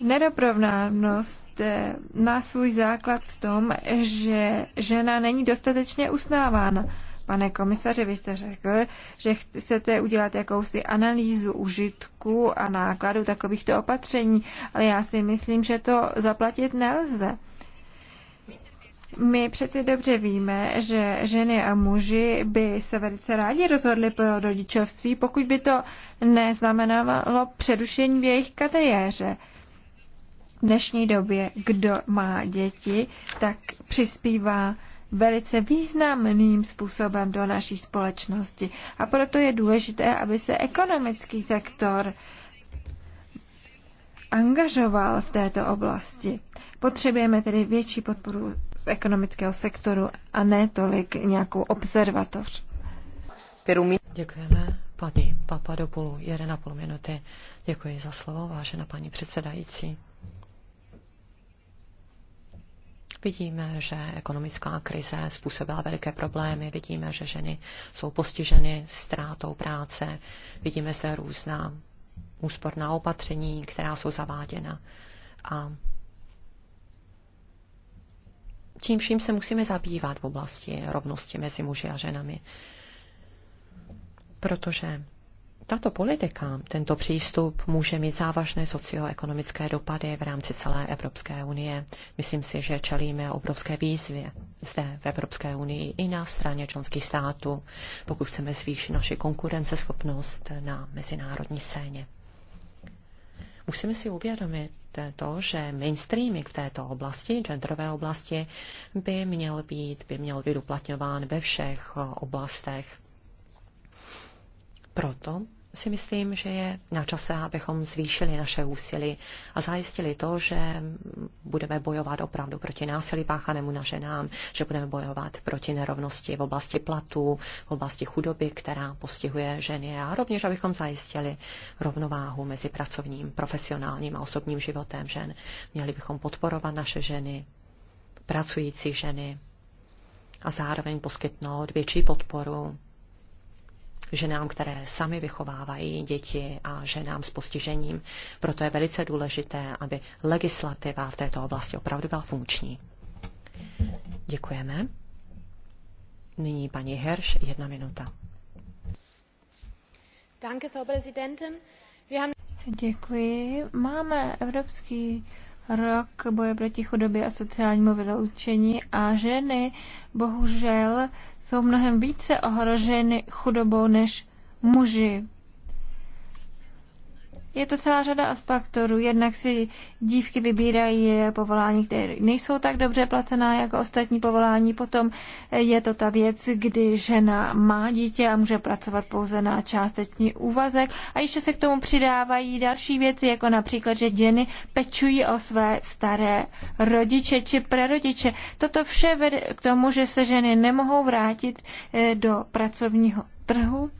S3: Nedoprovnávnost eh, má svůj základ v tom, že žena není dostatečně usnávána. Pane komisaři, vy jste řekl, že chcete udělat jakousi analýzu užitku a nákladu takovýchto opatření, ale já si myslím, že to zaplatit nelze. My přeci dobře víme, že ženy a muži by se velice rádi rozhodli pro rodičovství, pokud by to neznamenalo přerušení v jejich kariéře. V dnešní době, kdo má děti, tak přispívá velice významným způsobem do naší společnosti. A proto je důležité, aby se ekonomický sektor angažoval v této oblasti. Potřebujeme tedy větší podporu z ekonomického sektoru a ne tolik nějakou observatoř.
S4: Děkujeme paní a půl minuty. Děkuji za slovo, vážená paní předsedající. Vidíme, že ekonomická krize způsobila veliké problémy, vidíme, že ženy jsou postiženy ztrátou práce, vidíme zde různá úsporná opatření, která jsou zaváděna. A tím vším se musíme zabývat v oblasti rovnosti mezi muži a ženami. Protože tato politika, tento přístup může mít závažné socioekonomické dopady v rámci celé Evropské unie. Myslím si, že čelíme obrovské výzvě zde v Evropské unii i na straně členských států, pokud chceme zvýšit naši konkurenceschopnost na mezinárodní scéně. Musíme si uvědomit, to, že mainstream v této oblasti, genderové oblasti, by měl být, by měl být uplatňován ve všech oblastech. Proto si myslím, že je na čase, abychom zvýšili naše úsilí a zajistili to, že budeme bojovat opravdu proti násilí páchanému na ženám, že budeme bojovat proti nerovnosti v oblasti platů, v oblasti chudoby, která postihuje ženy a rovněž, abychom zajistili rovnováhu mezi pracovním, profesionálním a osobním životem žen. Měli bychom podporovat naše ženy, pracující ženy a zároveň poskytnout větší podporu ženám, které sami vychovávají děti a ženám s postižením. Proto je velice důležité, aby legislativa v této oblasti opravdu byla funkční. Děkujeme. Nyní paní Herš, jedna minuta.
S3: Děkuji. Máme Evropský rok boje proti chudobě a sociálnímu vyloučení a ženy bohužel jsou mnohem více ohroženy chudobou než muži. Je to celá řada aspektů. Jednak si dívky vybírají povolání, které nejsou tak dobře placená jako ostatní povolání. Potom je to ta věc, kdy žena má dítě a může pracovat pouze na částečný úvazek. A ještě se k tomu přidávají další věci, jako například, že ženy pečují o své staré rodiče či prarodiče. Toto vše vede k tomu, že se ženy nemohou vrátit eh, do pracovního trhu.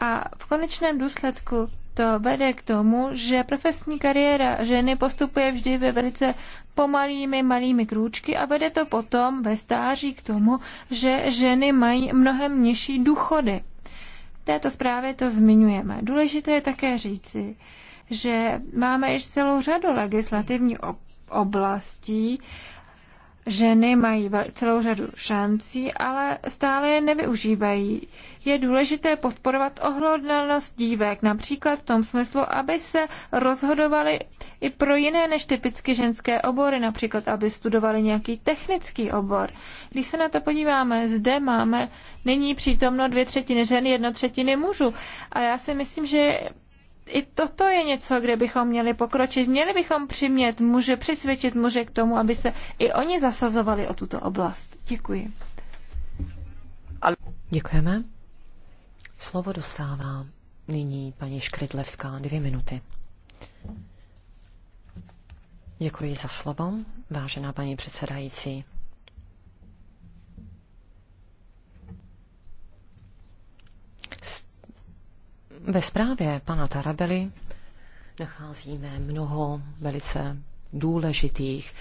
S3: A v konečném důsledku to vede k tomu, že profesní kariéra ženy postupuje vždy ve velice pomalými, malými krůčky a vede to potom ve stáří k tomu, že ženy mají mnohem nižší důchody. V této zprávě to zmiňujeme. Důležité je také říci, že máme již celou řadu legislativních oblastí, Ženy mají celou řadu šancí, ale stále je nevyužívají. Je důležité podporovat ohlodnost dívek, například v tom smyslu, aby se rozhodovali i pro jiné než typicky ženské obory, například aby studovali nějaký technický obor. Když se na to podíváme, zde máme nyní přítomno dvě třetiny žen, jedno třetiny mužů. A já si myslím, že i toto je něco, kde bychom měli pokročit. Měli bychom přimět muže, přisvědčit muže k tomu, aby se i oni zasazovali o tuto oblast. Děkuji.
S4: Děkujeme. Slovo dostává nyní paní Škrydlevská dvě minuty. Děkuji za slovo, vážená paní předsedající. ve zprávě pana Tarabely nacházíme mnoho velice důležitých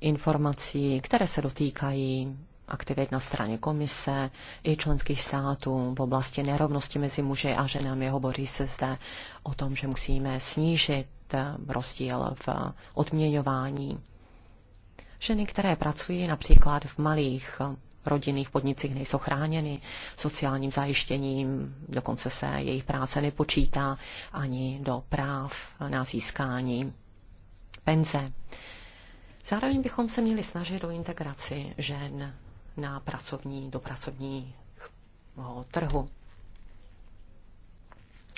S4: informací, které se dotýkají aktivit na straně komise i členských států v oblasti nerovnosti mezi muži a ženami. Hovoří se zde o tom, že musíme snížit eh, rozdíl v odměňování. Ženy, které pracují například v malých eh, rodinných podnicích nejsou chráněny sociálním zajištěním, dokonce se jejich práce nepočítá ani do práv na získání penze. Zároveň bychom se měli snažit o integraci žen na pracovní, do pracovního trhu.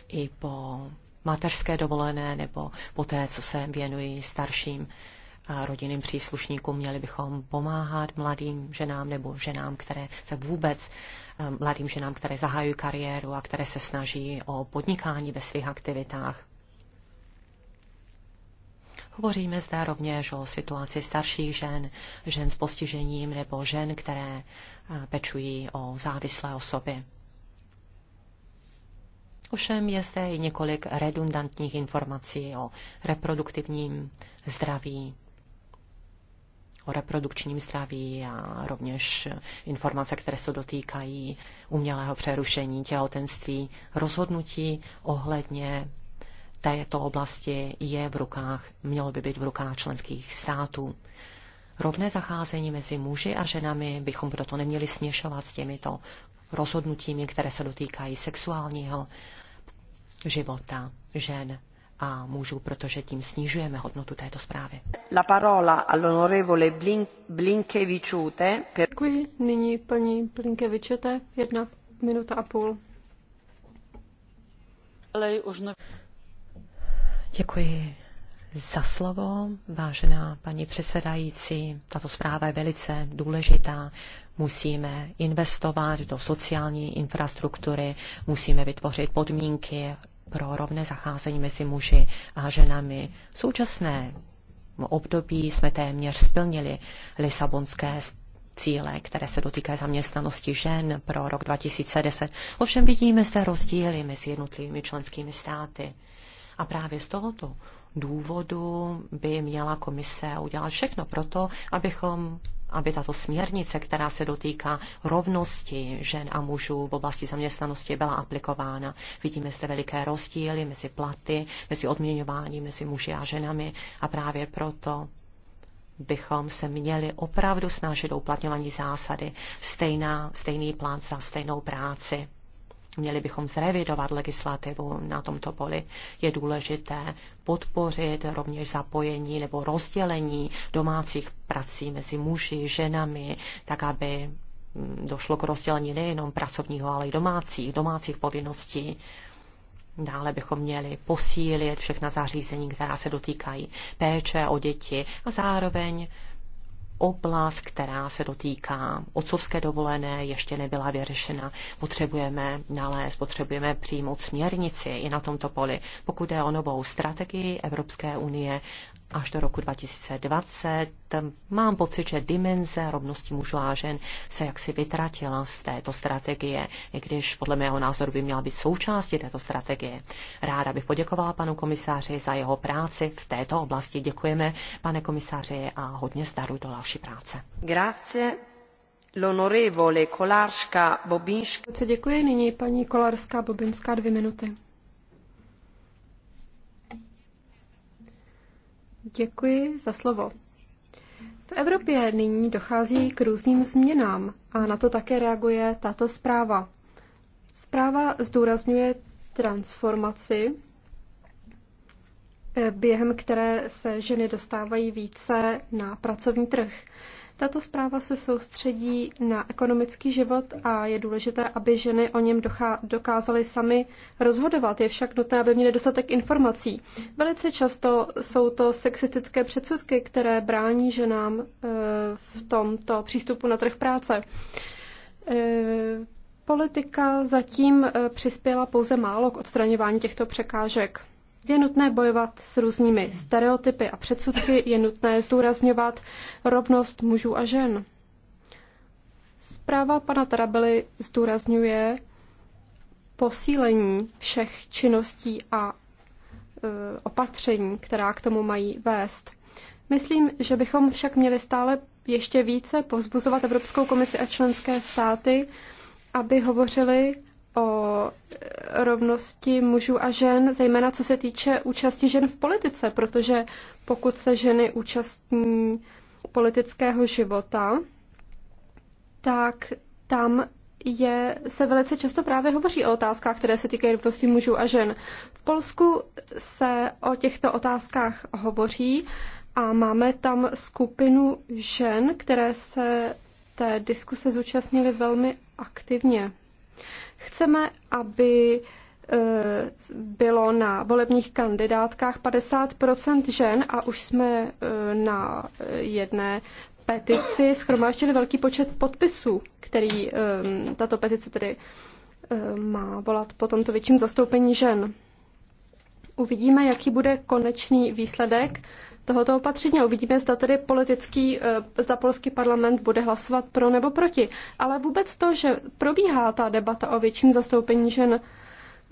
S4: I po mateřské dovolené nebo po té, co se věnují starším a rodinným příslušníkům. Měli bychom pomáhat mladým ženám nebo ženám, které se vůbec eh, mladým ženám, které zahájí kariéru a které se snaží o podnikání ve svých aktivitách. Hovoříme zde rovněž o situaci starších žen, žen s postižením nebo žen, které eh, pečují o závislé osoby. Ovšem je zde i několik redundantních informací o reproduktivním zdraví, o reprodukčním zdraví a rovněž informace, které se dotýkají umělého přerušení těhotenství. Rozhodnutí ohledně této oblasti je v rukách, mělo by být v rukách členských států. Rovné zacházení mezi muži a ženami bychom proto neměli směšovat s těmito rozhodnutími, které se dotýkají sexuálního života žen a mužů, protože tím snižujeme hodnotu této zprávy.
S5: La parola all'onorevole Blinkevičute. Per... Děkuji.
S2: Nyní paní Blinkevičete, jedna
S4: minuta a půl. Děkuji za slovo, vážená paní předsedající. Tato zpráva je velice důležitá. Musíme investovat do sociální infrastruktury, musíme vytvořit podmínky pro rovné zacházení mezi muži a ženami. V současné období jsme téměř splnili Lisabonské cíle, které se dotýkají zaměstnanosti žen pro rok 2010. Ovšem vidíme zde rozdíly mezi jednotlivými členskými státy. A právě z tohoto důvodu by měla komise udělat všechno proto, abychom aby tato směrnice, která se dotýká rovnosti žen a mužů v oblasti zaměstnanosti, byla aplikována. Vidíme zde veliké rozdíly mezi platy, mezi odměňováním mezi muži a ženami a právě proto bychom se měli opravdu snažit o uplatňování zásady stejná, stejný plán za stejnou práci. Měli bychom zrevidovat legislativu na tomto poli. Je důležité podpořit rovněž zapojení nebo rozdělení domácích prací mezi muži, ženami, tak aby došlo k rozdělení nejenom pracovního, ale i domácích, domácích povinností. Dále bychom měli posílit všechna zařízení, která se dotýkají péče o děti a zároveň oblast, která se dotýká otcovské dovolené, ještě nebyla vyřešena. Potřebujeme nalézt, potřebujeme přijmout směrnici i na tomto poli. Pokud je o novou strategii Evropské unie až do roku 2020. Mám pocit, že dimenze rovnosti mužů a žen se jaksi vytratila z této strategie, i když podle mého názoru by měla být součástí této strategie. Ráda bych poděkovala panu komisáři za jeho práci v této oblasti. Děkujeme, pane komisáři, a hodně zdaru do další práce.
S5: Grazie. L'onorevole Kolarska Bobinska.
S2: Děkuji nyní paní Kolarská Bobinská dvě minuty. Děkuji za slovo. V Evropě nyní dochází k různým změnám a na to také reaguje tato zpráva. Zpráva zdůrazňuje transformaci, eh, během které se ženy dostávají více na pracovní trh. Tato zpráva se soustředí na ekonomický život a je důležité, aby ženy o něm dokázaly sami rozhodovat. Je však nutné, aby měly dostatek informací. Velice často jsou to sexistické předsudky, které brání ženám e, v tomto přístupu na trh práce. E, politika zatím e, přispěla pouze málo k odstraňování těchto překážek. Je nutné bojovat s různými stereotypy a předsudky, je nutné zdůrazňovat rovnost mužů a žen. Zpráva pana Tarabely zdůrazňuje posílení všech činností a e, opatření, která k tomu mají vést. Myslím, že bychom však měli stále ještě více povzbuzovat Evropskou komisi a členské státy, aby hovořili o rovnosti mužů a žen, zejména co se týče účasti žen v politice, protože pokud se ženy účastní politického života, tak tam je, se velice často právě hovoří o otázkách, které se týkají rovnosti mužů a žen. V Polsku se o těchto otázkách hovoří a máme tam skupinu žen, které se té diskuse zúčastnily velmi aktivně. Chceme, aby e, bylo na volebních kandidátkách 50 žen a už jsme e, na jedné petici schromáždili velký počet podpisů, který e, tato petice tedy má volat po tomto větším zastoupení žen. Uvidíme, jaký bude konečný výsledek tohoto opatření. Uvidíme, zda tedy politický, za polský parlament bude hlasovat pro nebo proti. Ale vůbec to, že probíhá ta debata o větším zastoupení žen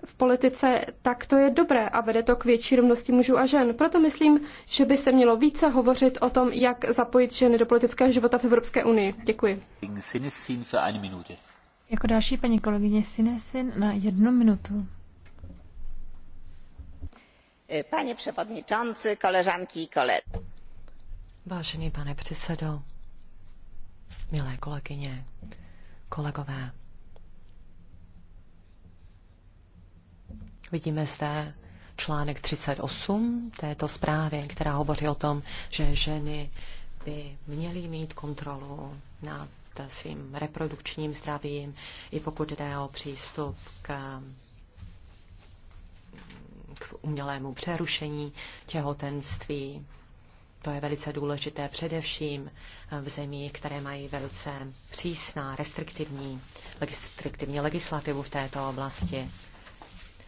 S2: v politice, tak to je dobré a vede to k větší rovnosti mužů a žen. Proto myslím, že by se mělo více hovořit o tom, jak zapojit ženy do politického života v Evropské unii. Děkuji.
S3: Jako další paní kolegyně Sinesin na jednu minutu. E, pane předsedající, koleżanki a koledzy.
S4: Vážený pane předsedo, milé kolegyně, kolegové. Vidíme zde článek 38 této zprávy, která hovoří o tom, že ženy by měly mít kontrolu nad svým reprodukčním zdravím, i pokud jde o přístup k k umělému přerušení těhotenství. To je velice důležité především v zemích, které mají velice přísná, restriktivní, restriktivní legislativu v této oblasti.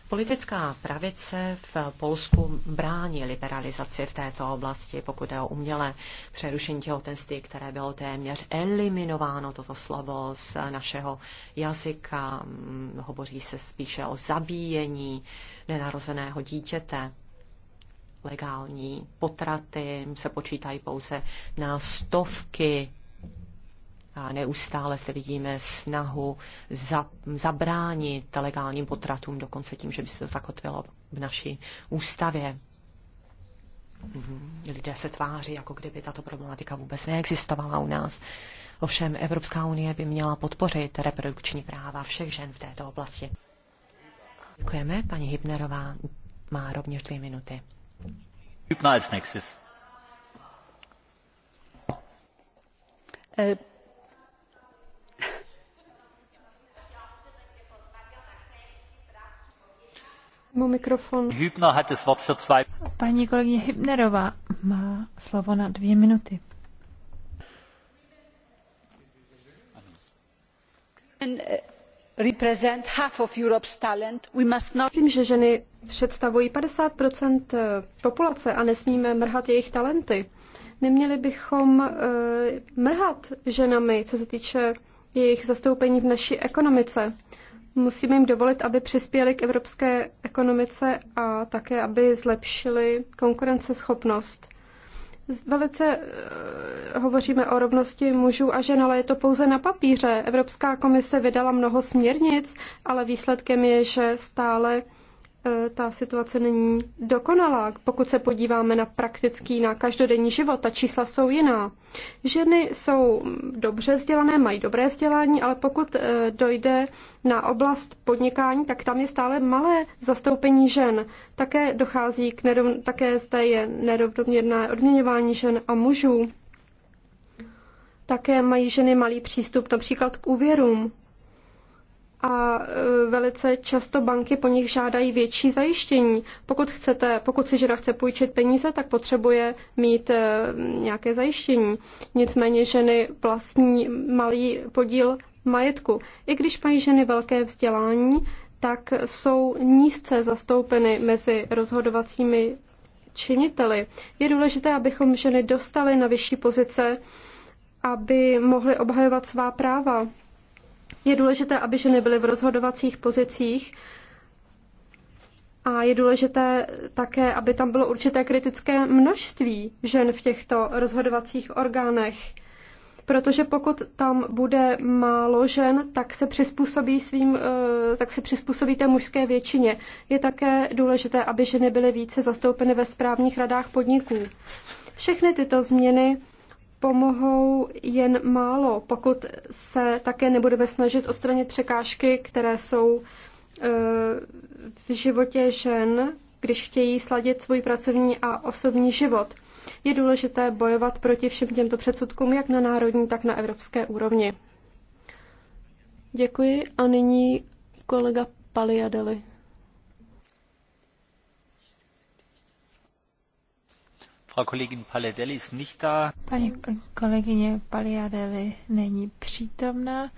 S4: Politická pravice v Polsku brání liberalizaci v této oblasti, pokud je o umělé přerušení těhotenství, které bylo téměř eliminováno, toto slovo z našeho jazyka. Mm, hovoří se spíše o zabíjení nenarozeného dítěte. Legální potraty se počítají pouze na stovky a neustále se vidíme snahu za, zabránit legálním potratům, dokonce tím, že by se to zakotvilo v naší ústavě. Mhm. Lidé se tváří, jako kdyby tato problematika vůbec neexistovala u nás. Ovšem Evropská unie by měla podpořit reprodukční práva všech žen v této oblasti. Děkujeme. Paní Hybnerová má rovněž dvě minuty.
S1: Hybner
S2: mu mikrofon.
S3: Paní kolegyně Hübnerová má slovo na dvě minuty.
S2: Vím, uh, že ženy představují 50 eh, populace a nesmíme mrhat jejich talenty. Neměli bychom eh, mrhat ženami, co se týče jejich zastoupení v naší ekonomice. Musíme jim dovolit, aby přispěli k evropské ekonomice a také, aby zlepšili konkurenceschopnost. Velice eh, hovoříme o rovnosti mužů a žen, ale je to pouze na papíře. Evropská komise vydala mnoho směrnic, ale výsledkem je, že stále E, ta situace není dokonalá. Pokud se podíváme na praktický, na každodenní život, ta čísla jsou jiná. Ženy jsou dobře vzdělané, mají dobré vzdělání, ale pokud e, dojde na oblast podnikání, tak tam je stále malé zastoupení žen. Také dochází k nerov... také zde je nerovnoměrné odměňování žen a mužů. Také mají ženy malý přístup například k úvěrům a e, velice často banky po nich žádají větší zajištění. Pokud, chcete, pokud si žena chce půjčit peníze, tak potřebuje mít e, nějaké zajištění. Nicméně ženy vlastní malý podíl majetku. I když mají ženy velké vzdělání, tak jsou nízce zastoupeny mezi rozhodovacími činiteli. Je důležité, abychom ženy dostali na vyšší pozice, aby mohly obhajovat svá práva. Je důležité, aby ženy byly v rozhodovacích pozicích a je důležité také, aby tam bylo určité kritické množství žen v těchto rozhodovacích orgánech. Protože pokud tam bude málo žen, tak se přizpůsobí, svým, eh, tak se přizpůsobí té mužské většině. Je také důležité, aby ženy byly více zastoupeny ve správních radách podniků. Všechny tyto změny pomohou jen málo, pokud se také nebudeme snažit odstranit překážky, které jsou eh, v životě žen, když chtějí sladit svůj pracovní a osobní život. Je důležité bojovat proti všem těmto předsudkům, jak na národní, tak na evropské úrovni. Děkuji a nyní kolega Paliadeli.
S1: Paní
S3: kolegyně Paliadeli není přítomna,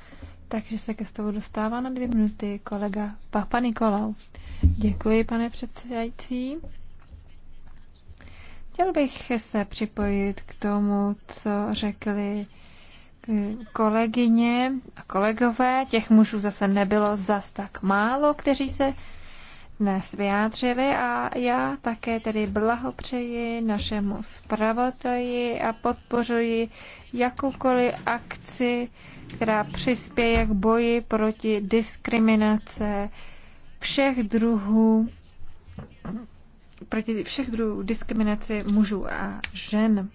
S3: takže se ke slovu dostává na dvě minuty kolega Papa Nikolau. Děkuji, pane předsedající. Chtěl bych se připojit k tomu, co řekli kolegyně a kolegové. Těch mužů zase nebylo zas tak málo, kteří se dnes vyjádřili a já také tedy blahopřeji našemu zpravodaji a podpořuji jakoukoliv akci, která přispěje k boji proti diskriminace všech druhů proti všech druhů diskriminaci mužů a žen.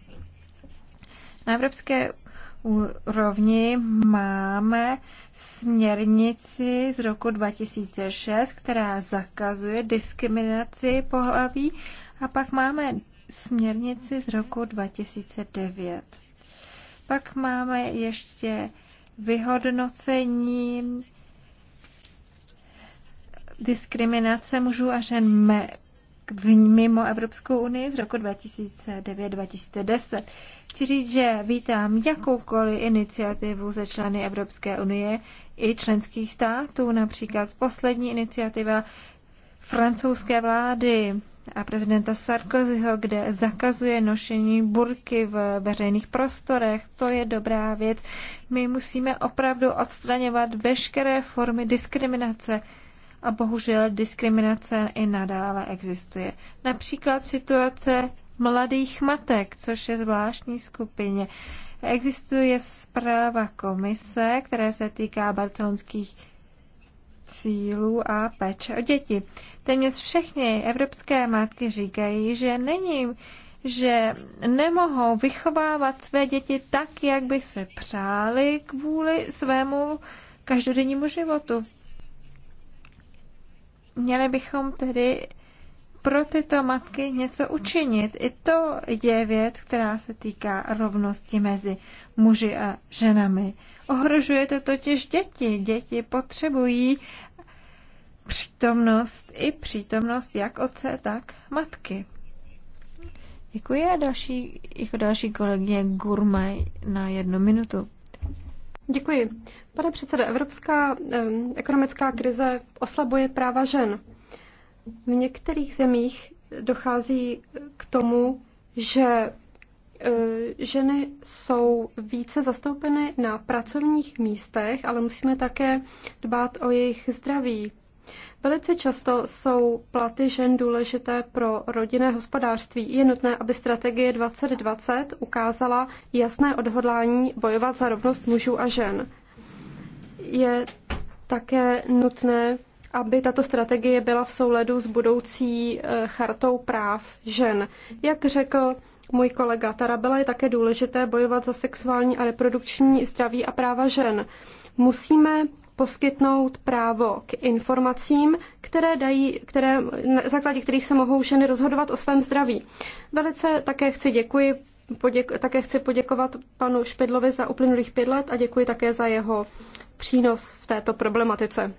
S3: Na evropské úrovni máme směrnici z roku 2006, která zakazuje diskriminaci pohlaví a pak máme směrnici z roku 2009. Pak máme ještě vyhodnocení diskriminace mužů a žen mimo Evropskou unii z roku 2009-2010. Chci říct, že vítám jakoukoliv iniciativu ze členy Evropské unie i členských států, například poslední iniciativa francouzské vlády a prezidenta Sarkozyho, kde zakazuje nošení burky v veřejných prostorech. To je dobrá věc. My musíme opravdu odstraňovat veškeré formy diskriminace a bohužel diskriminace i nadále existuje. Například situace mladých matek, což je zvláštní skupině. Existuje zpráva komise, která se týká barcelonských cílů a péče o děti. Téměř všechny evropské matky říkají, že není že nemohou vychovávat své děti tak, jak by se přáli kvůli svému každodennímu životu. Měli bychom tedy pro tyto matky něco učinit. I to je věc, která se týká rovnosti mezi muži a ženami. Ohrožuje to totiž děti. Děti potřebují přítomnost i přítomnost jak otce, tak matky. Děkuji a další, jako další kolegyně Gurmaj na jednu
S2: minutu. Děkuji. Pane předsedo, evropská ekonomická krize oslabuje práva žen. V některých zemích dochází k tomu, že e, ženy jsou více zastoupeny na pracovních místech, ale musíme také dbát o jejich zdraví. Velice často jsou platy žen důležité pro rodinné hospodářství. Je nutné, aby strategie 2020 ukázala jasné odhodlání bojovat za rovnost mužů a žen. Je také nutné, aby tato strategie byla v souledu s budoucí eh, chartou práv žen. Jak řekl můj kolega Tarabela, je také důležité bojovat za sexuální a reprodukční zdraví a práva žen. Musíme poskytnout právo k informacím, které dají, které, na základě kterých se mohou ženy rozhodovat o svém zdraví. Velice také chci děkuji Poděk, také chci poděkovat panu Špidlovi za uplynulých pět let a děkuji také za jeho přínos v této problematice.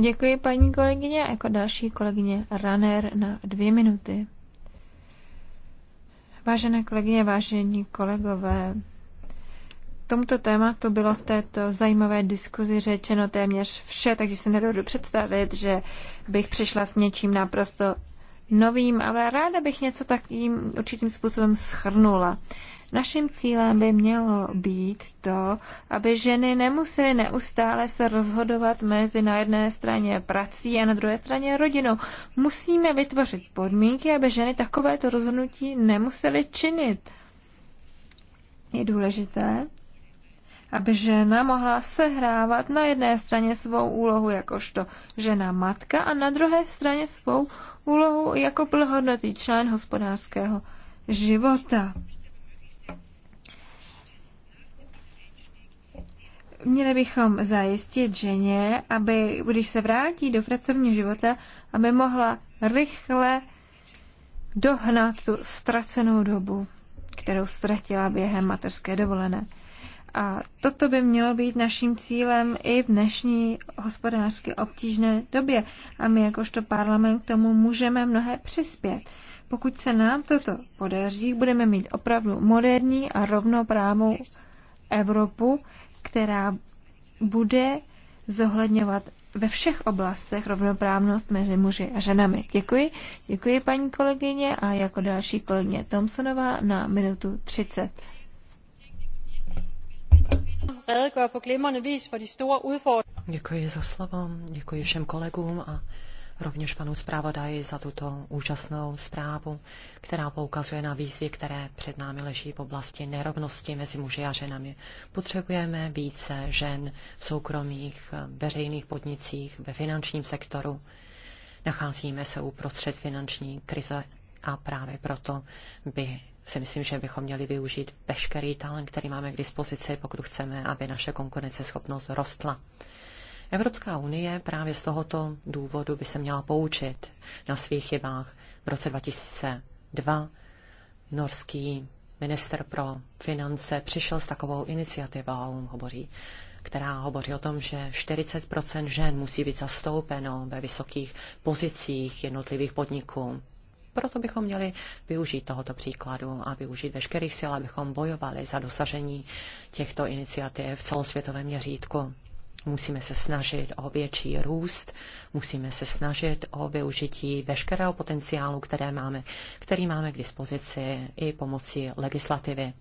S3: Děkuji paní kolegyně a jako další kolegyně Raner na dvě minuty. Vážené kolegyně, vážení kolegové, tomuto tématu bylo v této zajímavé diskuzi řečeno téměř vše, takže se nedovedu představit, že bych přišla s něčím naprosto novým, ale ráda bych něco takým určitým způsobem schrnula. Naším cílem by mělo být to, aby ženy nemusely neustále se rozhodovat mezi na jedné straně prací a na druhé straně rodinou. Musíme vytvořit podmínky, aby ženy takovéto rozhodnutí nemusely činit. Je důležité, aby žena mohla sehrávat na jedné straně svou úlohu jakožto žena matka a na druhé straně svou úlohu jako plnohodnotný člen hospodářského života. Měli bychom zajistit ženě, aby, když se vrátí do pracovního života, aby mohla rychle dohnat tu ztracenou dobu, kterou ztratila během mateřské dovolené. A toto by mělo být naším cílem i v dnešní hospodářsky obtížné době. A my jakožto parlament k tomu můžeme mnohé přispět. Pokud se nám toto podaří, budeme mít opravdu moderní a rovnoprávnou Evropu, která bude zohledňovat ve všech oblastech rovnoprávnost mezi muži a ženami. Děkuji. Děkuji paní kolegyně a jako další kolegyně Thompsonová na minutu 30
S4: redegør på glimrende vis for de store udfordringer. Děkuji za slovo, děkuji všem kolegům a rovněž panu zpravodaji za tuto úžasnou zprávu, která poukazuje na výzvy, které před námi leží v oblasti nerovnosti mezi muži a ženami. Potřebujeme více žen v soukromých veřejných podnicích, ve finančním sektoru. Nacházíme se uprostřed finanční krize a právě proto by si myslím, že bychom měli využít veškerý talent, který máme k dispozici, pokud chceme, aby naše konkurenceschopnost rostla. Evropská unie právě z tohoto důvodu by se měla poučit na svých chybách. V roce 2002 norský minister pro finance přišel s takovou iniciativou, hovoří, která hovoří o tom, že 40 žen musí být zastoupeno ve vysokých pozicích jednotlivých podniků. Proto bychom měli využít tohoto příkladu a využít veškerých sil, abychom bojovali za dosažení těchto iniciativ v celosvětovém měřítku. Musíme se snažit o větší růst, musíme se snažit o využití veškerého potenciálu, které máme, který máme k dispozici i pomocí legislativy.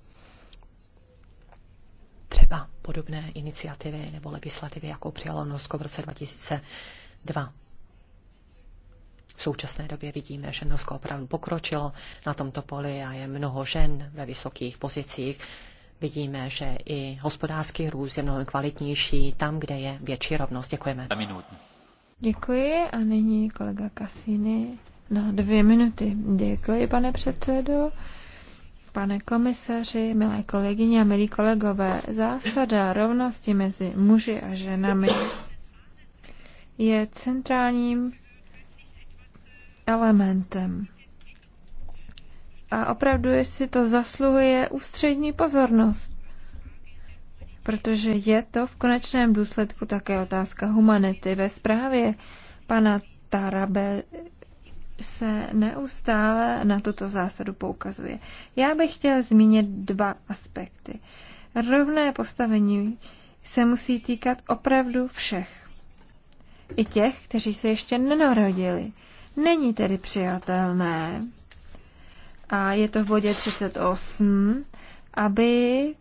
S4: Třeba podobné iniciativy nebo legislativy, jako přijalo Norsko v roce 2002. V současné době vidíme, že Norsko opravdu pokročilo na tomto poli a je mnoho žen ve vysokých pozicích. Vidíme, že i hospodářský růst je mnohem kvalitnější tam, kde je větší rovnost. Děkujeme.
S3: Děkuji a nyní kolega Kasiny na dvě minuty. Děkuji, pane předsedo. Pane komisaři, milé kolegyně a milí kolegové, zásada rovnosti mezi muži a ženami je centrálním elementem. A opravdu si to zasluhuje ústřední pozornost, protože je to v konečném důsledku také otázka humanity. Ve zprávě pana Tarabe se neustále na tuto zásadu poukazuje. Já bych chtěl zmínit dva aspekty. Rovné postavení se musí týkat opravdu všech. I těch, kteří se ještě nenarodili není tedy přijatelné, a je to v bodě 38, aby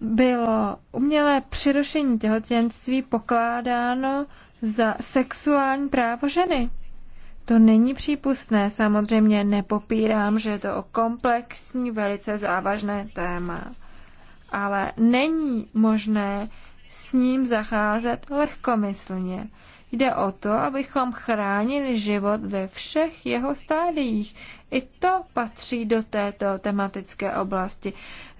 S3: bylo umělé přerušení těhotenství pokládáno za sexuální právo ženy. To není přípustné, samozřejmě nepopírám, že je to o komplexní, velice závažné téma. Ale není možné ním zacházet lehkomyslně. Jde o to, abychom chránili život ve všech jeho stádiích. I to patří do této tematické oblasti.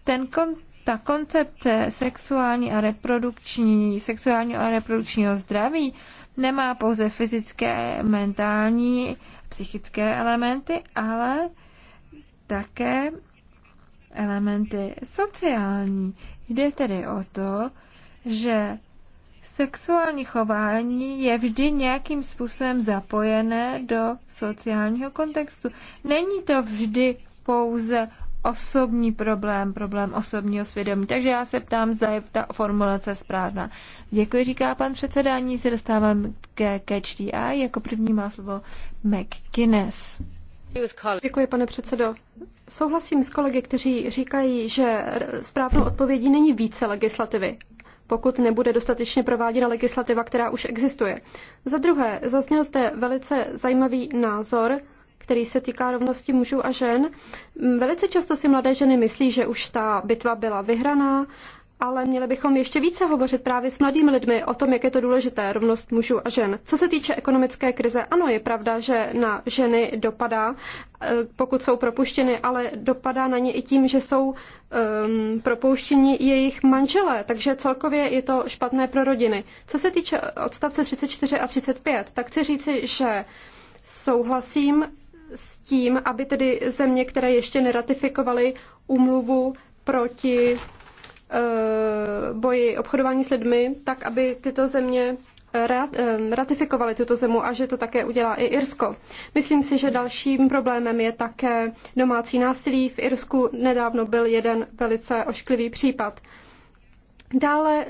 S3: Ten kon- ta koncepce sexuální a reprodukční, sexuálního a reprodukčního zdraví nemá pouze fyzické, mentální, psychické elementy, ale také elementy sociální. Jde tedy o to, že sexuální chování je vždy nějakým způsobem zapojené do sociálního kontextu. Není to vždy pouze osobní problém, problém osobního svědomí. Takže já se ptám, zda je ta formulace správná. Děkuji, říká pan předsedání, se dostávám ke Catch a Jako první má slovo McGuinness.
S2: Děkuji, pane předsedo. Souhlasím s kolegy, kteří říkají, že správnou odpovědí není více legislativy, pokud nebude dostatečně prováděna legislativa, která už existuje. Za druhé, zazněl zde velice zajímavý názor, který se týká rovnosti mužů a žen. Velice často si mladé ženy myslí, že už ta bitva byla vyhraná ale měli bychom ještě více hovořit právě s mladými lidmi o tom, jak je to důležité, rovnost mužů a žen. Co se týče ekonomické krize, ano, je pravda, že na ženy dopadá, eh, pokud jsou propuštěny, ale dopadá na ně i tím, že jsou um, propouštěni jejich manželé, takže celkově je to špatné pro rodiny. Co se týče odstavce 34 a 35, tak chci říci, že souhlasím s tím, aby tedy země, které ještě neratifikovaly umluvu proti Eh, boji obchodování s lidmi, tak aby tyto země eh, eh, ratifikovali tuto zemu a že to také udělá i Irsko. Myslím si, že dalším problémem je také domácí násilí. V Irsku nedávno byl jeden velice ošklivý případ. Dále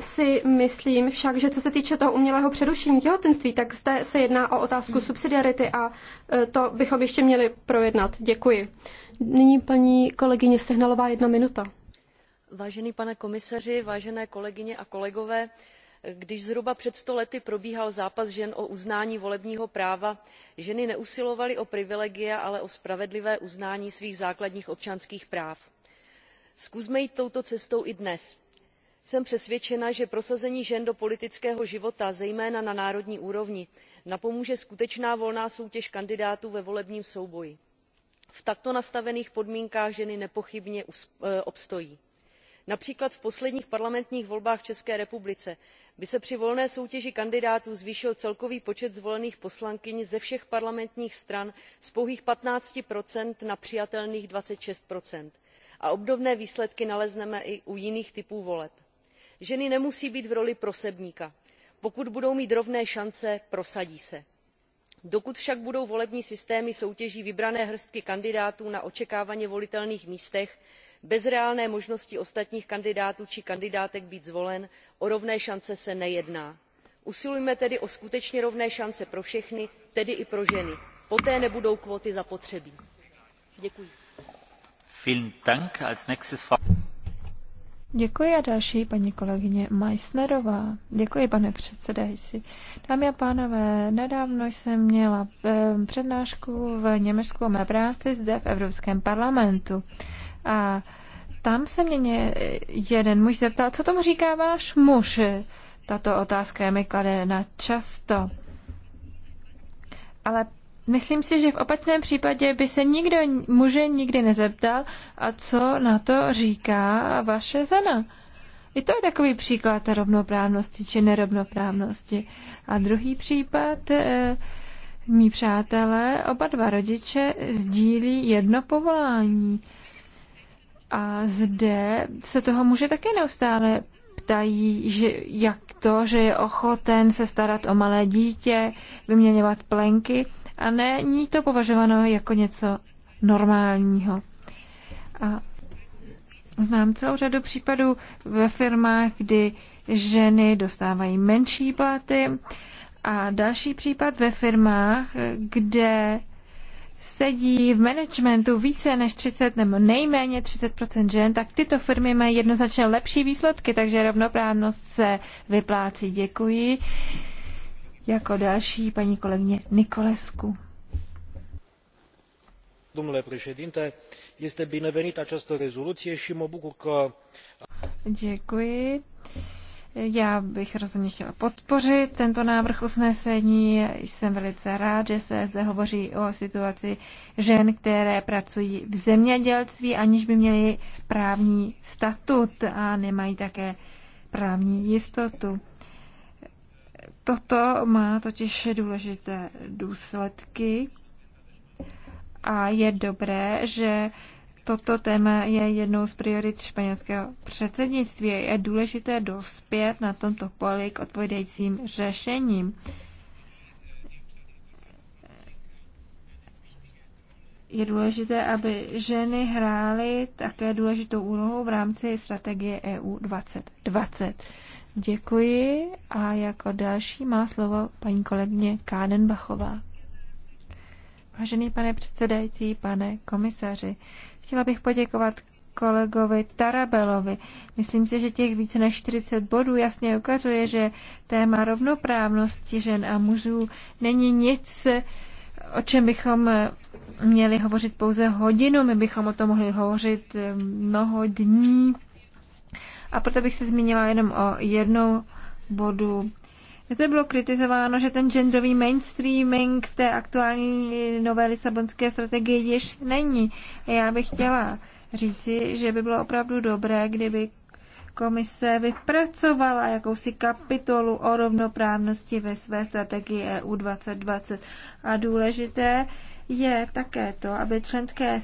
S2: si myslím však, že co se týče toho umělého přerušení těhotenství, tak zde se jedná o otázku subsidiarity a to bychom ještě měli projednat. Děkuji. Nyní paní kolegyně Sehnalová jedna minuta
S6: vážený pane komisaři vážené kolegyně a kolegové když zhruba před sto lety probíhal zápas žen o uznání volebního práva ženy neusilovaly o privilegia ale o spravedlivé uznání svých základních občanských práv. zkusme jít touto cestou i dnes. jsem přesvědčena že prosazení žen do politického života zejména na národní úrovni napomůže skutečná volná soutěž kandidátů ve volebním souboji. v takto nastavených podmínkách ženy nepochybně eh, obstojí například v posledních parlamentních volbách v české republice by se při volné soutěži kandidátů zvýšil celkový počet zvolených poslankyň ze všech parlamentních stran z pouhých fifteen na přijatelných twenty six a obdobné výsledky nalezneme i u jiných typů voleb. ženy nemusí být v roli prosebníka pokud budou mít rovné šance prosadí se. dokud však budou volební systémy soutěží vybrané hrstky kandidátů na očekávaně volitelných místech bez reálné možnosti ostatních kandidátů či kandidátek být zvolen o rovné šance se nejedná. usilujme tedy o skutečně rovné šance pro všechny tedy i pro ženy poté nebudou kvóty zapotřebí. děkuji.
S3: Děkuji a další paní kolegyně Děkuji, pane předsedající. Dámy a pánové, nedávno jsem měla eh, přednášku v Německu o mé práci zde v Evropském parlamentu. A tam se mě jeden muž zeptal, co tomu říká váš muž? Tato otázka je mi kladena často. Ale myslím si, že v opačném případě by se nikdo muže nikdy nezeptal, a co na to říká vaše žena. I to je takový příklad rovnoprávnosti či nerovnoprávnosti. A druhý případ, e, mý přátelé, oba dva rodiče sdílí jedno povolání. A zde se toho muže také neustále ptají, že jak to, že je ochoten se starat o malé dítě, vyměňovat plenky a není to považováno jako něco normálního. A znám celou řadu případů ve firmách, kdy ženy dostávají menší platy a další případ ve firmách, kde sedí v managementu více než 30 nebo nejméně 30 žen, tak tyto firmy mají jednoznačně lepší výsledky, takže rovnoprávnost se vyplácí. Děkuji. Jako další paní kolegyně Nikolesku.
S1: Domnule președinte, este binevenită această rezoluție și mă bucur că...
S3: Děkuji. Já bych rozhodně chtěla podpořit tento návrh usnesení. Jsem velice rád, že se zde hovoří o situaci žen, které pracují v zemědělství, aniž by měly právní statut a nemají také právní jistotu. Toto má totiž důležité důsledky a je dobré, že Toto téma je jednou z priorit španělského předsednictví. Je důležité dospět na tomto poli k odpovědajícím řešením. Je důležité, aby ženy hrály také důležitou úlohu v rámci strategie EU 2020. Děkuji a jako další má slovo paní kolegyně Kádenbachová. Vážený pane předsedající, pane komisaři, Chtěla bych poděkovat kolegovi Tarabelovi. Myslím si, že těch více než 40 bodů jasně ukazuje, že téma rovnoprávnosti žen a mužů není nic, o čem bychom měli hovořit pouze hodinu, my bychom o tom mohli hovořit eh, mnoho dní. A proto bych se zmínila jenom o jednou bodu zde bylo kritizováno, že ten genderový mainstreaming v té aktuální nové Lisabonské strategii již není. Já bych chtěla říci, že by bylo opravdu dobré, kdyby komise vypracovala jakousi kapitolu o rovnoprávnosti ve své strategii EU 2020. A důležité je také to, aby členské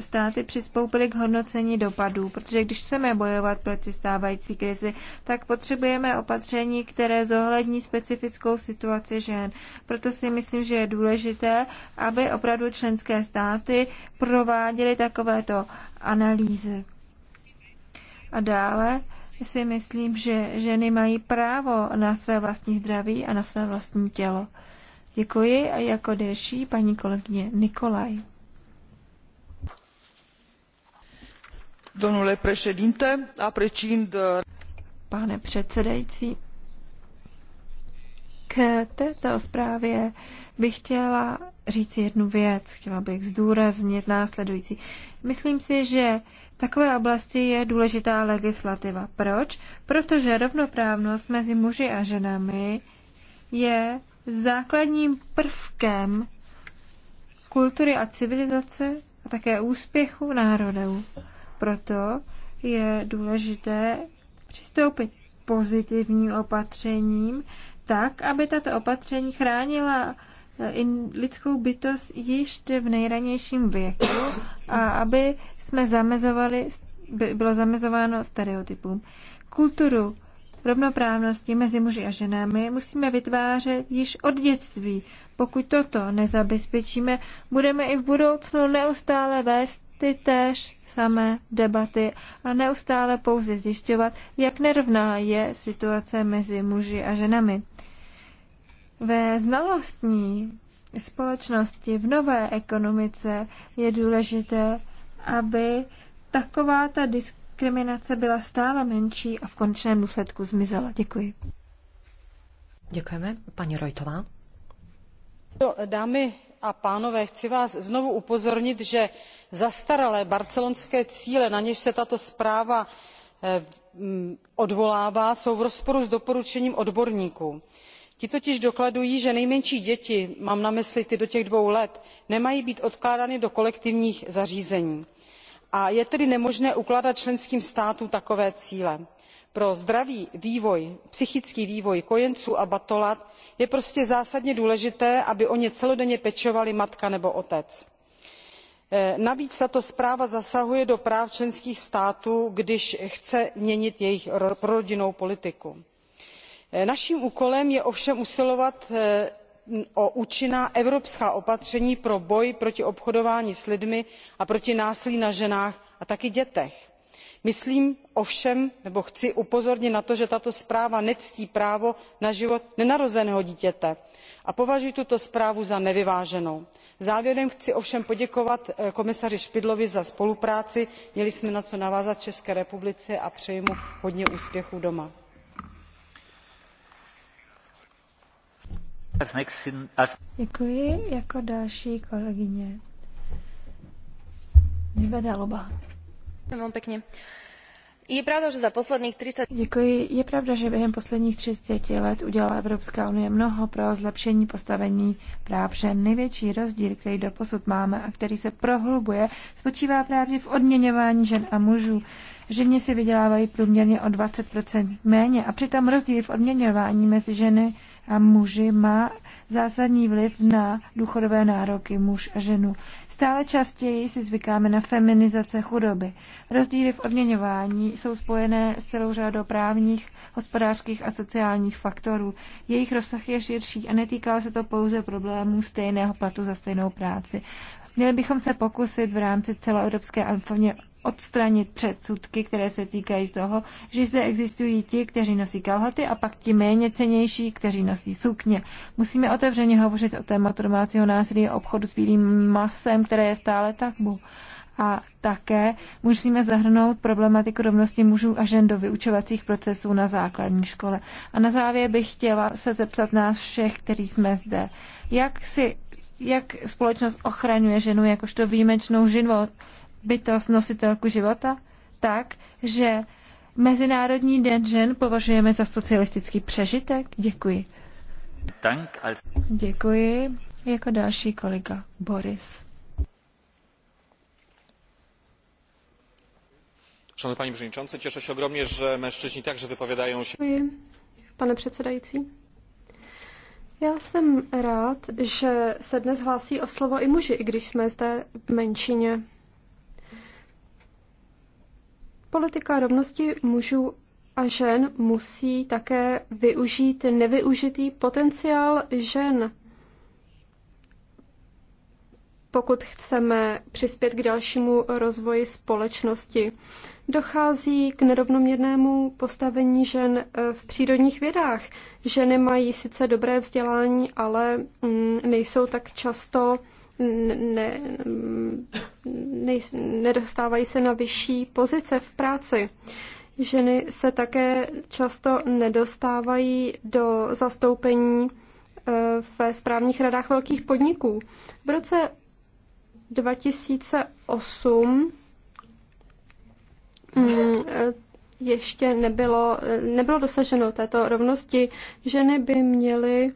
S3: státy přispoupily k hodnocení dopadů, protože když chceme bojovat proti stávající krizi, tak potřebujeme opatření, které zohlední specifickou situaci žen. Proto si myslím, že je důležité, aby opravdu členské státy prováděly takovéto analýzy. A dále si myslím, že ženy mají právo na své vlastní zdraví a na své vlastní tělo. Děkuji a jako další paní kolegyně Nikolaj.
S7: Domnule președinte, apreciind... Uh,
S3: Pane předsedající, k této zprávě bych chtěla říct jednu věc, chtěla bych zdůraznit následující. Myslím si, že v takové oblasti je důležitá legislativa. Proč? Protože rovnoprávnost mezi muži a ženami je základním prvkem kultury a civilizace a také úspěchu národů. Proto je důležité přistoupit k pozitivním opatřením, tak, aby tato opatření chránila eh, lidskou bytost již v nejranějším věku a aby jsme zamezovali, bylo zamezováno stereotypům. Kulturu rovnoprávnosti mezi muži a ženami musíme vytvářet již od dětství. Pokud toto nezabezpečíme, budeme i v budoucnu neustále vést ty též samé debaty a neustále pouze zjišťovat, jak nerovná je situace mezi muži a ženami. Ve znalostní společnosti, v nové ekonomice je důležité, aby taková ta diskuse diskriminace byla stále menší a v konečném důsledku zmizela. Děkuji.
S4: Děkujeme. Paní Rojtová.
S7: Dámy a pánové chci vás znovu upozornit že zastaralé barcelonské cíle na něž se tato zpráva eh, mm, odvolává jsou v rozporu s doporučením odborníků. ti totiž dokladují že nejmenší děti mám na mysli ty do těch dvou let nemají být odkládány do kolektivních zařízení a je tedy nemožné ukládat členským státům takové cíle. pro zdravý psychický vývoj kojenců a batolat je prostě zásadně důležité aby o ně celodenně pečovali matka nebo otec. E, navíc tato zpráva zasahuje do práv členských států když chce měnit jejich prorodinnou politiku. E, naším úkolem je ovšem usilovat e, o účinná evropská opatření pro boj proti obchodování s lidmi a proti násilí na ženách a také dětech. myslím ovšem nebo chci upozornit na to že tato zpráva nectí právo na život nenarozeného dítěte a považuji tuto zprávu za nevyváženou. závěrem chci ovšem poděkovat eh, komisaři špidlovi za spolupráci měli jsme na co navázat v české republice a přeji mu hodně úspěchů doma. Děkuji jako další kolegyně.
S3: Nebedaluba. Vám pěkně. Je pravda, že za posledních 30... Děkuji. Je pravda, že během posledních 30 let udělala Evropská unie mnoho pro zlepšení postavení práv žen. Největší rozdíl, který do doposud máme a který se prohlubuje, spočívá právě v odměňování žen a mužů. Ženy si vydělávají průměrně o 20% méně a přitom rozdíl v odměňování mezi ženy a muži má zásadní vliv na důchodové nároky muž a ženu. Stále častěji si zvykáme na feminizace chudoby. Rozdíly v odměňování jsou spojené s celou řadou právních, hospodářských a sociálních faktorů. Jejich rozsah je širší a netýká se to pouze problémů stejného platu za stejnou práci. Měli bychom se pokusit v rámci celoevropské odstranit předsudky, které se týkají toho, že zde existují ti, kteří nosí kalhoty a pak ti méně cenější, kteří nosí sukně. Musíme otevřeně hovořit o tématu domácího násilí a obchodu s bílým masem, které je stále tabu. A také musíme zahrnout problematiku rovnosti mužů a žen do vyučovacích procesů na základní škole. A na závěr bych chtěla se zeptat nás všech, kteří jsme zde. Jak si jak společnost ochraňuje ženu jakožto výjimečnou život, bytost nositelku života tak, že Mezinárodní den žen považujeme za socialistický přežitek? Děkuji. Děkuji. Jako další kolega Boris.
S7: Szanowny Panie Przewodniczący, cieszę się ogromnie, że mężczyźni także wypowiadają się.
S2: Děkuji, pane předsedající. Já jsem rád, že se dnes hlásí o slovo i muži, i když jsme zde v menšině. Politika rovnosti mužů a žen musí také využít nevyužitý potenciál žen. Pokud chceme přispět k dalšímu rozvoji společnosti, dochází k nerovnoměrnému postavení žen eh, v přírodních vědách. Ženy mají sice dobré vzdělání, ale mm, nejsou tak často ne, ne, nedostávají se na vyšší pozice v práci. Ženy se také často nedostávají do zastoupení ve správních radách velkých podniků. V roce 2008 mm, e, ještě nebylo, e, nebylo dosaženo této rovnosti. Ženy by měly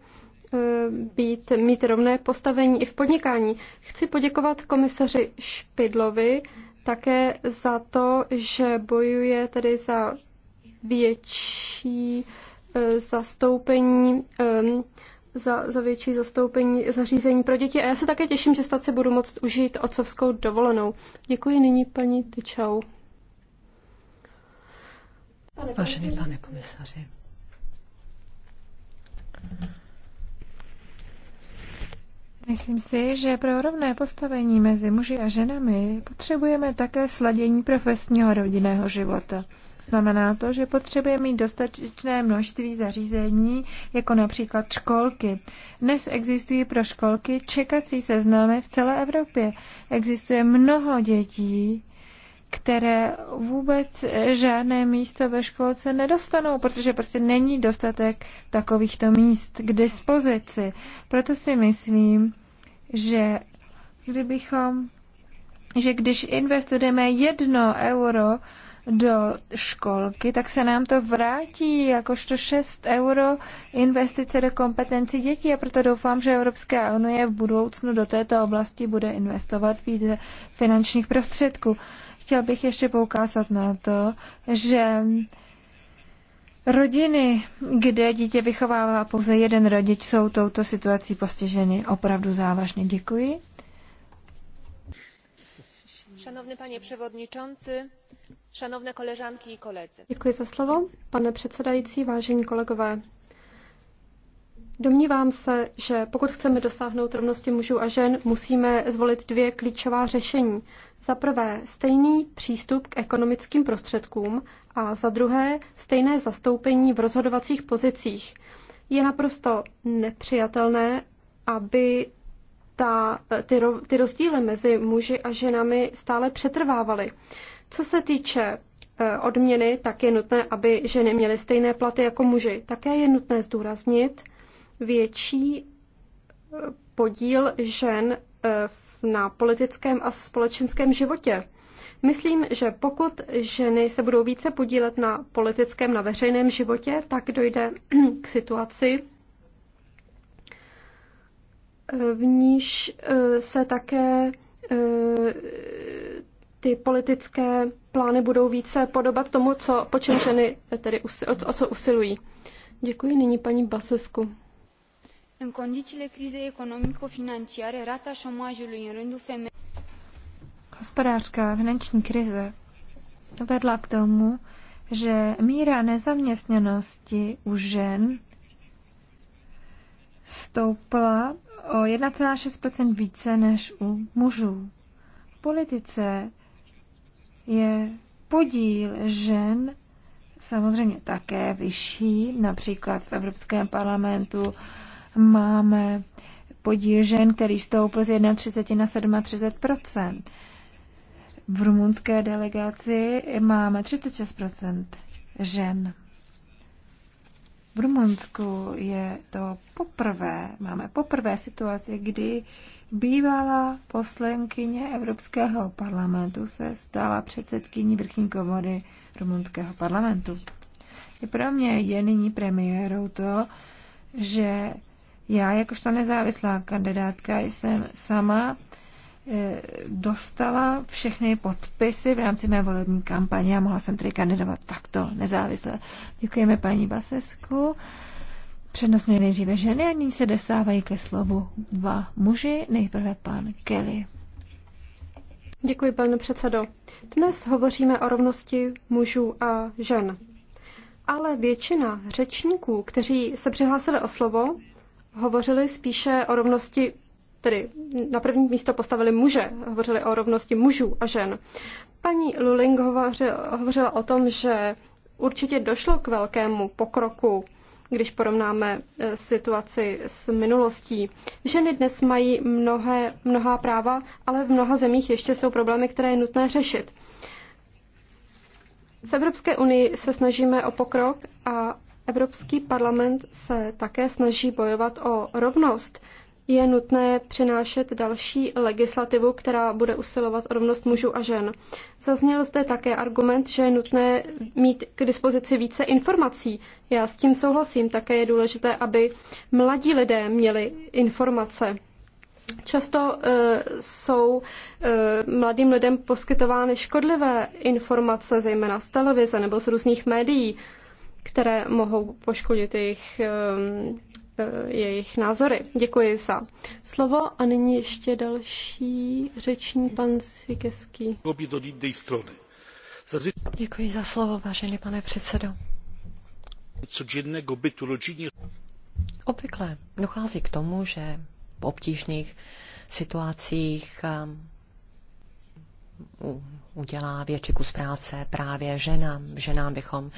S2: být, mít rovné postavení i v podnikání. Chci poděkovat komisaři Špidlovi také za to, že bojuje tedy za větší e, zastoupení za, za větší zastoupení zařízení pro děti a já se také těším, že snad se budu moct užít otcovskou dovolenou. Děkuji nyní paní Tyčau.
S4: Vážený pane komisaři,
S3: Myslím si, že pro rovné postavení mezi muži a ženami potřebujeme také sladění profesního a rodinného života. Znamená to, že potřebuje mít dostatečné množství zařízení, jako například školky. Dnes existují pro školky čekací seznamy v celé Evropě. Existuje mnoho dětí, které vůbec žádné místo ve školce nedostanou, protože prostě není dostatek takovýchto míst k dispozici. Proto si myslím, že kdybychom, že když investujeme jedno euro do školky, tak se nám to vrátí jakožto 6 euro investice do kompetenci dětí a proto doufám, že Evropská unie v budoucnu do této oblasti bude investovat více finančních prostředků. Chtěl bych ještě poukázat na to, že rodiny, kde dítě vychovává pouze jeden rodič, jsou touto situací postiženy opravdu závažně. Děkuji. Szanowny panie przewodniczący, szanowne koleżanki
S2: i koledzy. Děkuji za slovo, pane předsedající, vážení kolegové. Domnívám se, že pokud chceme dosáhnout rovnosti mužů a žen, musíme zvolit dvě klíčová řešení. Za prvé, stejný přístup k ekonomickým prostředkům a za druhé, stejné zastoupení v rozhodovacích pozicích. Je naprosto nepřijatelné, aby ta, ty, ty rozdíly mezi muži a ženami stále přetrvávaly. Co se týče e, odměny, tak je nutné, aby ženy měly stejné platy jako muži. Také je nutné zdůraznit větší e, podíl žen v e, na politickém a společenském životě. Myslím, že pokud ženy se budou více podílet na politickém, na veřejném životě, tak dojde k situaci, v níž eh, se také eh, ty politické plány budou více podobat tomu, co, po čem ženy tedy usi, o, o co usilují. Děkuji nyní paní Basesku
S3: în condiiile crizei economico financiare rata omajului în rândul femeilor Hospodářská finanční krize vedla k tomu, že míra nezaměstnanosti u žen stoupla o 1,6 více než u mužů. V politice je podíl žen samozřejmě také vyšší, například v Evropském parlamentu máme podíl žen, který stoupl z 31 na 37 V rumunské delegaci máme 36 žen. V Rumunsku je to poprvé, máme poprvé situaci, kdy bývalá poslankyně Evropského parlamentu se stala předsedkyní vrchní komory rumunského parlamentu. I pro mě je nyní premiérou to, že já jakožto nezávislá kandidátka jsem sama eh, dostala všechny podpisy v rámci mé volební kampaně a mohla jsem tedy kandidovat takto nezávisle. Děkujeme paní Basesku. Přednostně nejdříve ženy a nyní se dostávají ke slovu dva muži, nejprve pan Kelly.
S2: Děkuji, pane předsedo. Dnes hovoříme o rovnosti mužů a žen. Ale většina řečníků, kteří se přihlásili o slovo, hovořili spíše o rovnosti, tedy na první místo postavili muže, hovořili o rovnosti mužů a žen. Paní Luling hovořila o tom, že určitě došlo k velkému pokroku, když porovnáme e, situaci s minulostí. Ženy dnes mají mnohé, mnohá práva, ale v mnoha zemích ještě jsou problémy, které je nutné řešit. V Evropské unii se snažíme o pokrok a Evropský parlament se také snaží bojovat o rovnost. Je nutné přinášet další legislativu, která bude usilovat o rovnost mužů a žen. Zazněl zde také argument, že je nutné mít k dispozici více informací. Já s tím souhlasím. Také je důležité, aby mladí lidé měli informace. Často uh, jsou uh, mladým lidem poskytovány škodlivé informace, zejména z televize nebo z různých médií. Uh, které mohou poškodit jejich, eh, eh, jejich názory. Děkuji za slovo a nyní ještě další řeční pan Sikeský.
S7: Děkuji za slovo,
S4: vážený pane předsedo.
S7: Codziennego bytu rodzinie.
S4: Obvykle dochází k tomu, že v obtížných situacích eh, u udělá větší kus práce právě ženám. Ženám bychom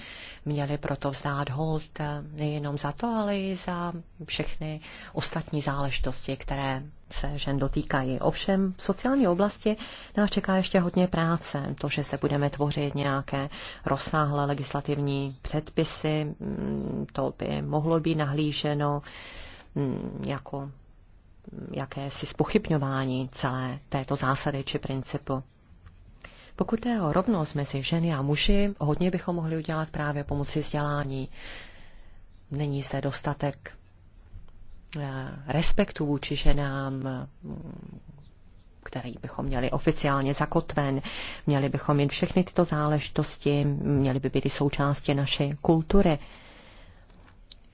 S4: měli proto vzdát hold eh, nejenom za to, ale i za všechny ostatní záležitosti, které se žen dotýkají. Ovšem v sociální oblasti nás čeká ještě hodně práce. To, že se budeme tvořit nějaké rozsáhlé legislativní předpisy, mm, to by mohlo být nahlíženo mm, jako jakési spochybňování celé této zásady či principu. Pokud je o rovnost mezi ženy a muži, hodně bychom mohli udělat právě pomocí vzdělání. Není zde dostatek eh, respektu vůči ženám, který bychom měli oficiálně zakotven. Měli bychom mít všechny tyto záležitosti, měly by být i součástí naší kultury.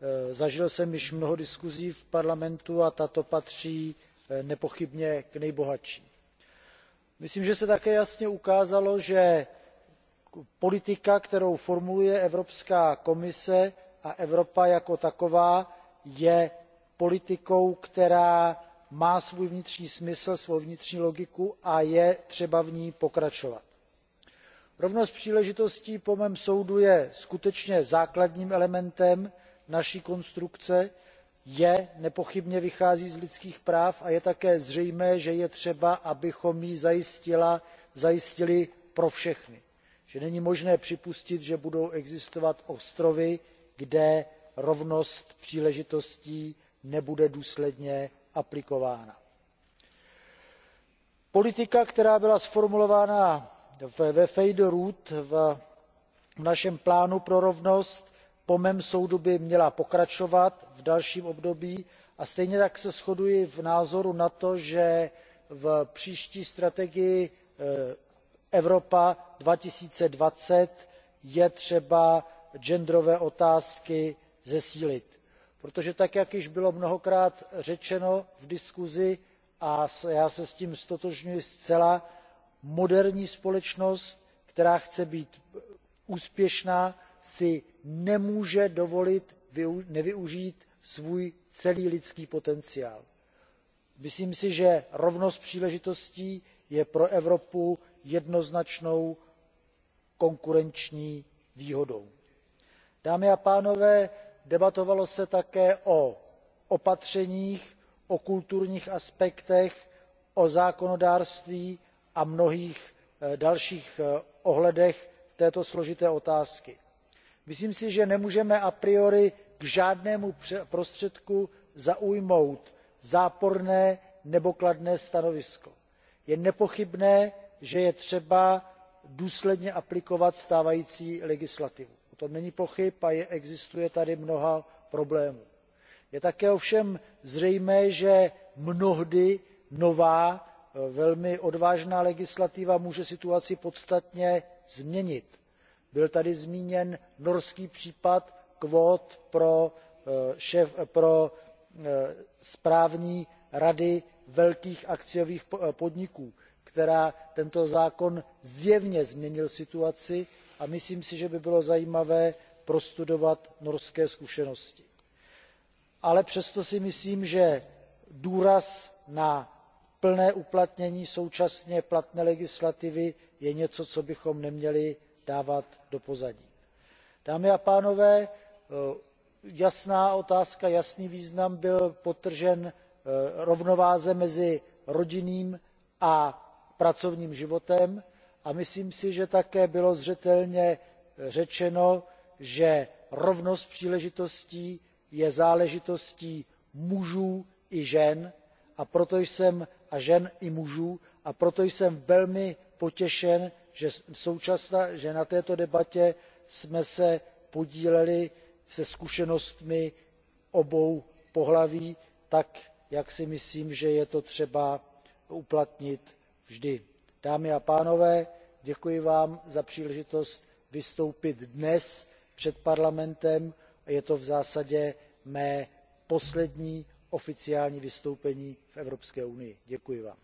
S1: Eh, zažil jsem již mnoho diskusí v parlamentu a tato patří eh, nepochybně k nejbohatším. myslím že se také jasně ukázalo že politika kterou formuluje evropská komise a evropa jako taková je politikou která má svůj vnitřní smysl svou vnitřní logiku a je třeba v ní pokračovat. rovnost příležitostí po mém soudu je skutečně základním elementem naší konstrukce nepochybně vychází z lidských práv a je také zřejmé že je třeba abychom ji zajistili pro všechny že není možné připustit že budou existovat ostrovy kde rovnost příležitostí nebude důsledně aplikována. politika která byla zformulována ve food v našem plánu pro rovnost po mém soudu by měla pokračovat v dalším období a stejně tak se shoduji v názoru na to že v příští strategii eh, evropa two thousand and twenty je třeba genderové otázky zesílit protože tak jak již bylo mnohokrát řečeno v diskusi a já se s tím ztotožňuji zcela moderní společnost která chce být eh, úspěšná si nemůže dovolit nevyužít svůj celý lidský potenciál. myslím si že rovnost příležitostí je pro evropu jednoznačnou konkurenční výhodou. dámy a pánové debatovalo se také o opatřeních o kulturních aspektech o zákonodárství a mnohých eh, dalších eh, ohledech této složité otázky myslím si že nemůžeme a priori k žádnému prostředku zaujmout záporné nebo kladné stanovisko. je nepochybné že je třeba důsledně aplikovat stávající legislativu o tom není pochyb a existuje tady mnoho problémů. je také ovšem zřejmé že mnohdy nová e, velmi odvážná legislativa může situaci podstatně změnit byl tady zmíněn norský případ kvót pro eh, eh, eh, správní rady velkých akciových podniků která tento zákon zjevně změnil situaci a myslím si že by bylo zajímavé prostudovat norské zkušenosti. ale přesto si myslím že důraz na plné uplatnění současně platné legislativy je něco co bychom neměli dávat do pozadí. dámy a pánové eh, jasná otázka jasný význam byl podtržen eh, rovnováze mezi rodinným a pracovním životem a myslím si že také bylo zřetelně eh, řečeno že rovnost příležitostí je záležitostí mužů i žen a žen i mužů a proto jsem velmi potěšen že na této debatě jsme se podíleli se zkušenostmi obou pohlaví tak jak si myslím že je to třeba uplatnit vždy. dámy a pánové děkuji vám za příležitost vystoupit dnes před parlamentem je to v zásadě mé poslední oficiální vystoupení v evropské unii. děkuji vám.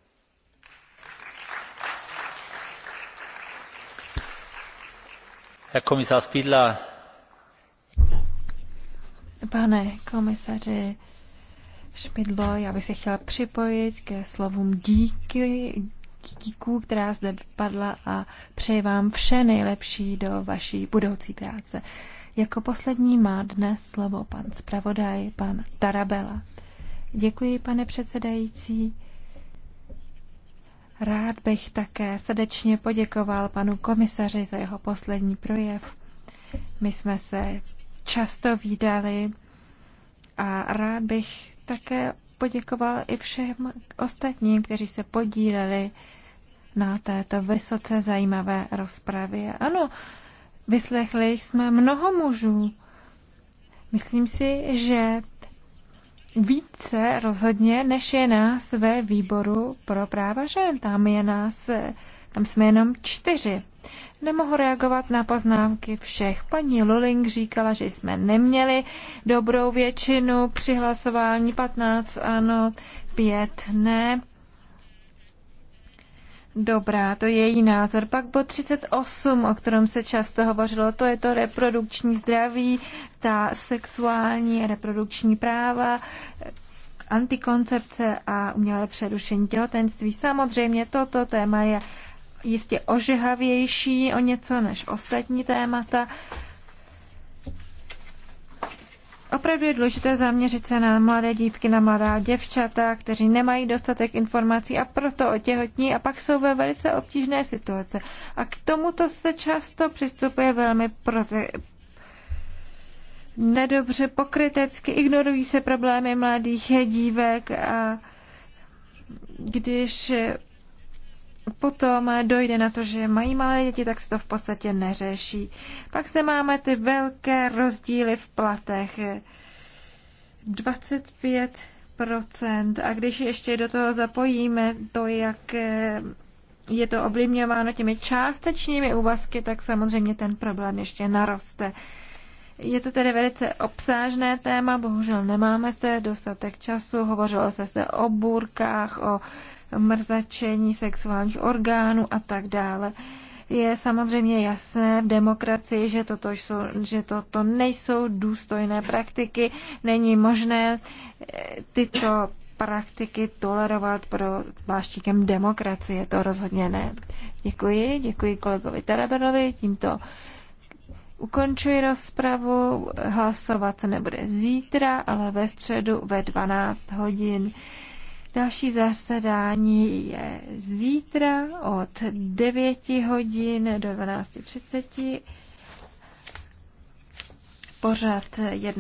S3: Pane komisaři Špidlo, já bych se chtěla připojit ke slovům díky, díků, která zde padla a přeji vám vše nejlepší do vaší budoucí práce. Jako poslední má dnes slovo pan zpravodaj, pan Tarabela. Děkuji, pane předsedající. Rád bych také srdečně poděkoval panu komisaři za jeho poslední projev. My jsme se často výdali a rád bych také poděkoval i všem ostatním, kteří se podíleli na této vysoce zajímavé rozpravě. Ano, vyslechli jsme mnoho mužů. Myslím si, že více rozhodně, než je nás ve výboru pro práva žen. Tam je nás, tam jsme jenom čtyři. Nemohu reagovat na poznámky všech. Paní Luling říkala, že jsme neměli dobrou většinu při hlasování 15 ano, 5 ne. Dobrá, to je její názor. Pak bod 38, o kterém se často hovořilo, to je to reprodukční zdraví, ta sexuální reprodukční práva, antikoncepce a umělé přerušení těhotenství. Samozřejmě toto téma je jistě ožehavější o něco než ostatní témata, Opravdu je důležité zaměřit se na mladé dívky, na mladá děvčata, kteří nemají dostatek informací a proto otěhotní a pak jsou ve velice obtížné situace. A k tomuto se často přistupuje velmi proze- nedobře pokrytecky, ignorují se problémy mladých dívek a když potom eh, dojde na to, že mají malé děti, tak se to v podstatě neřeší. Pak se máme ty velké rozdíly v platech. 25 a když ještě do toho zapojíme to, jak eh, je to ovlivňováno těmi částečnými úvazky, tak samozřejmě ten problém ještě naroste. Je to tedy velice obsážné téma, bohužel nemáme zde dostatek času, hovořilo se zde o burkách, o mrzačení sexuálních orgánů a tak dále. Je samozřejmě jasné v demokracii, že toto, jsou, že toto nejsou důstojné praktiky. Není možné eh, tyto praktiky tolerovat pro pláštíkem demokracie. To rozhodně ne. Děkuji, děkuji kolegovi Tarabanovi. Tímto ukončuji rozpravu. Hlasovat se nebude zítra, ale ve středu ve 12 hodin. Další zasedání je zítra od 9 hodin do 12.30. Pořad jedna.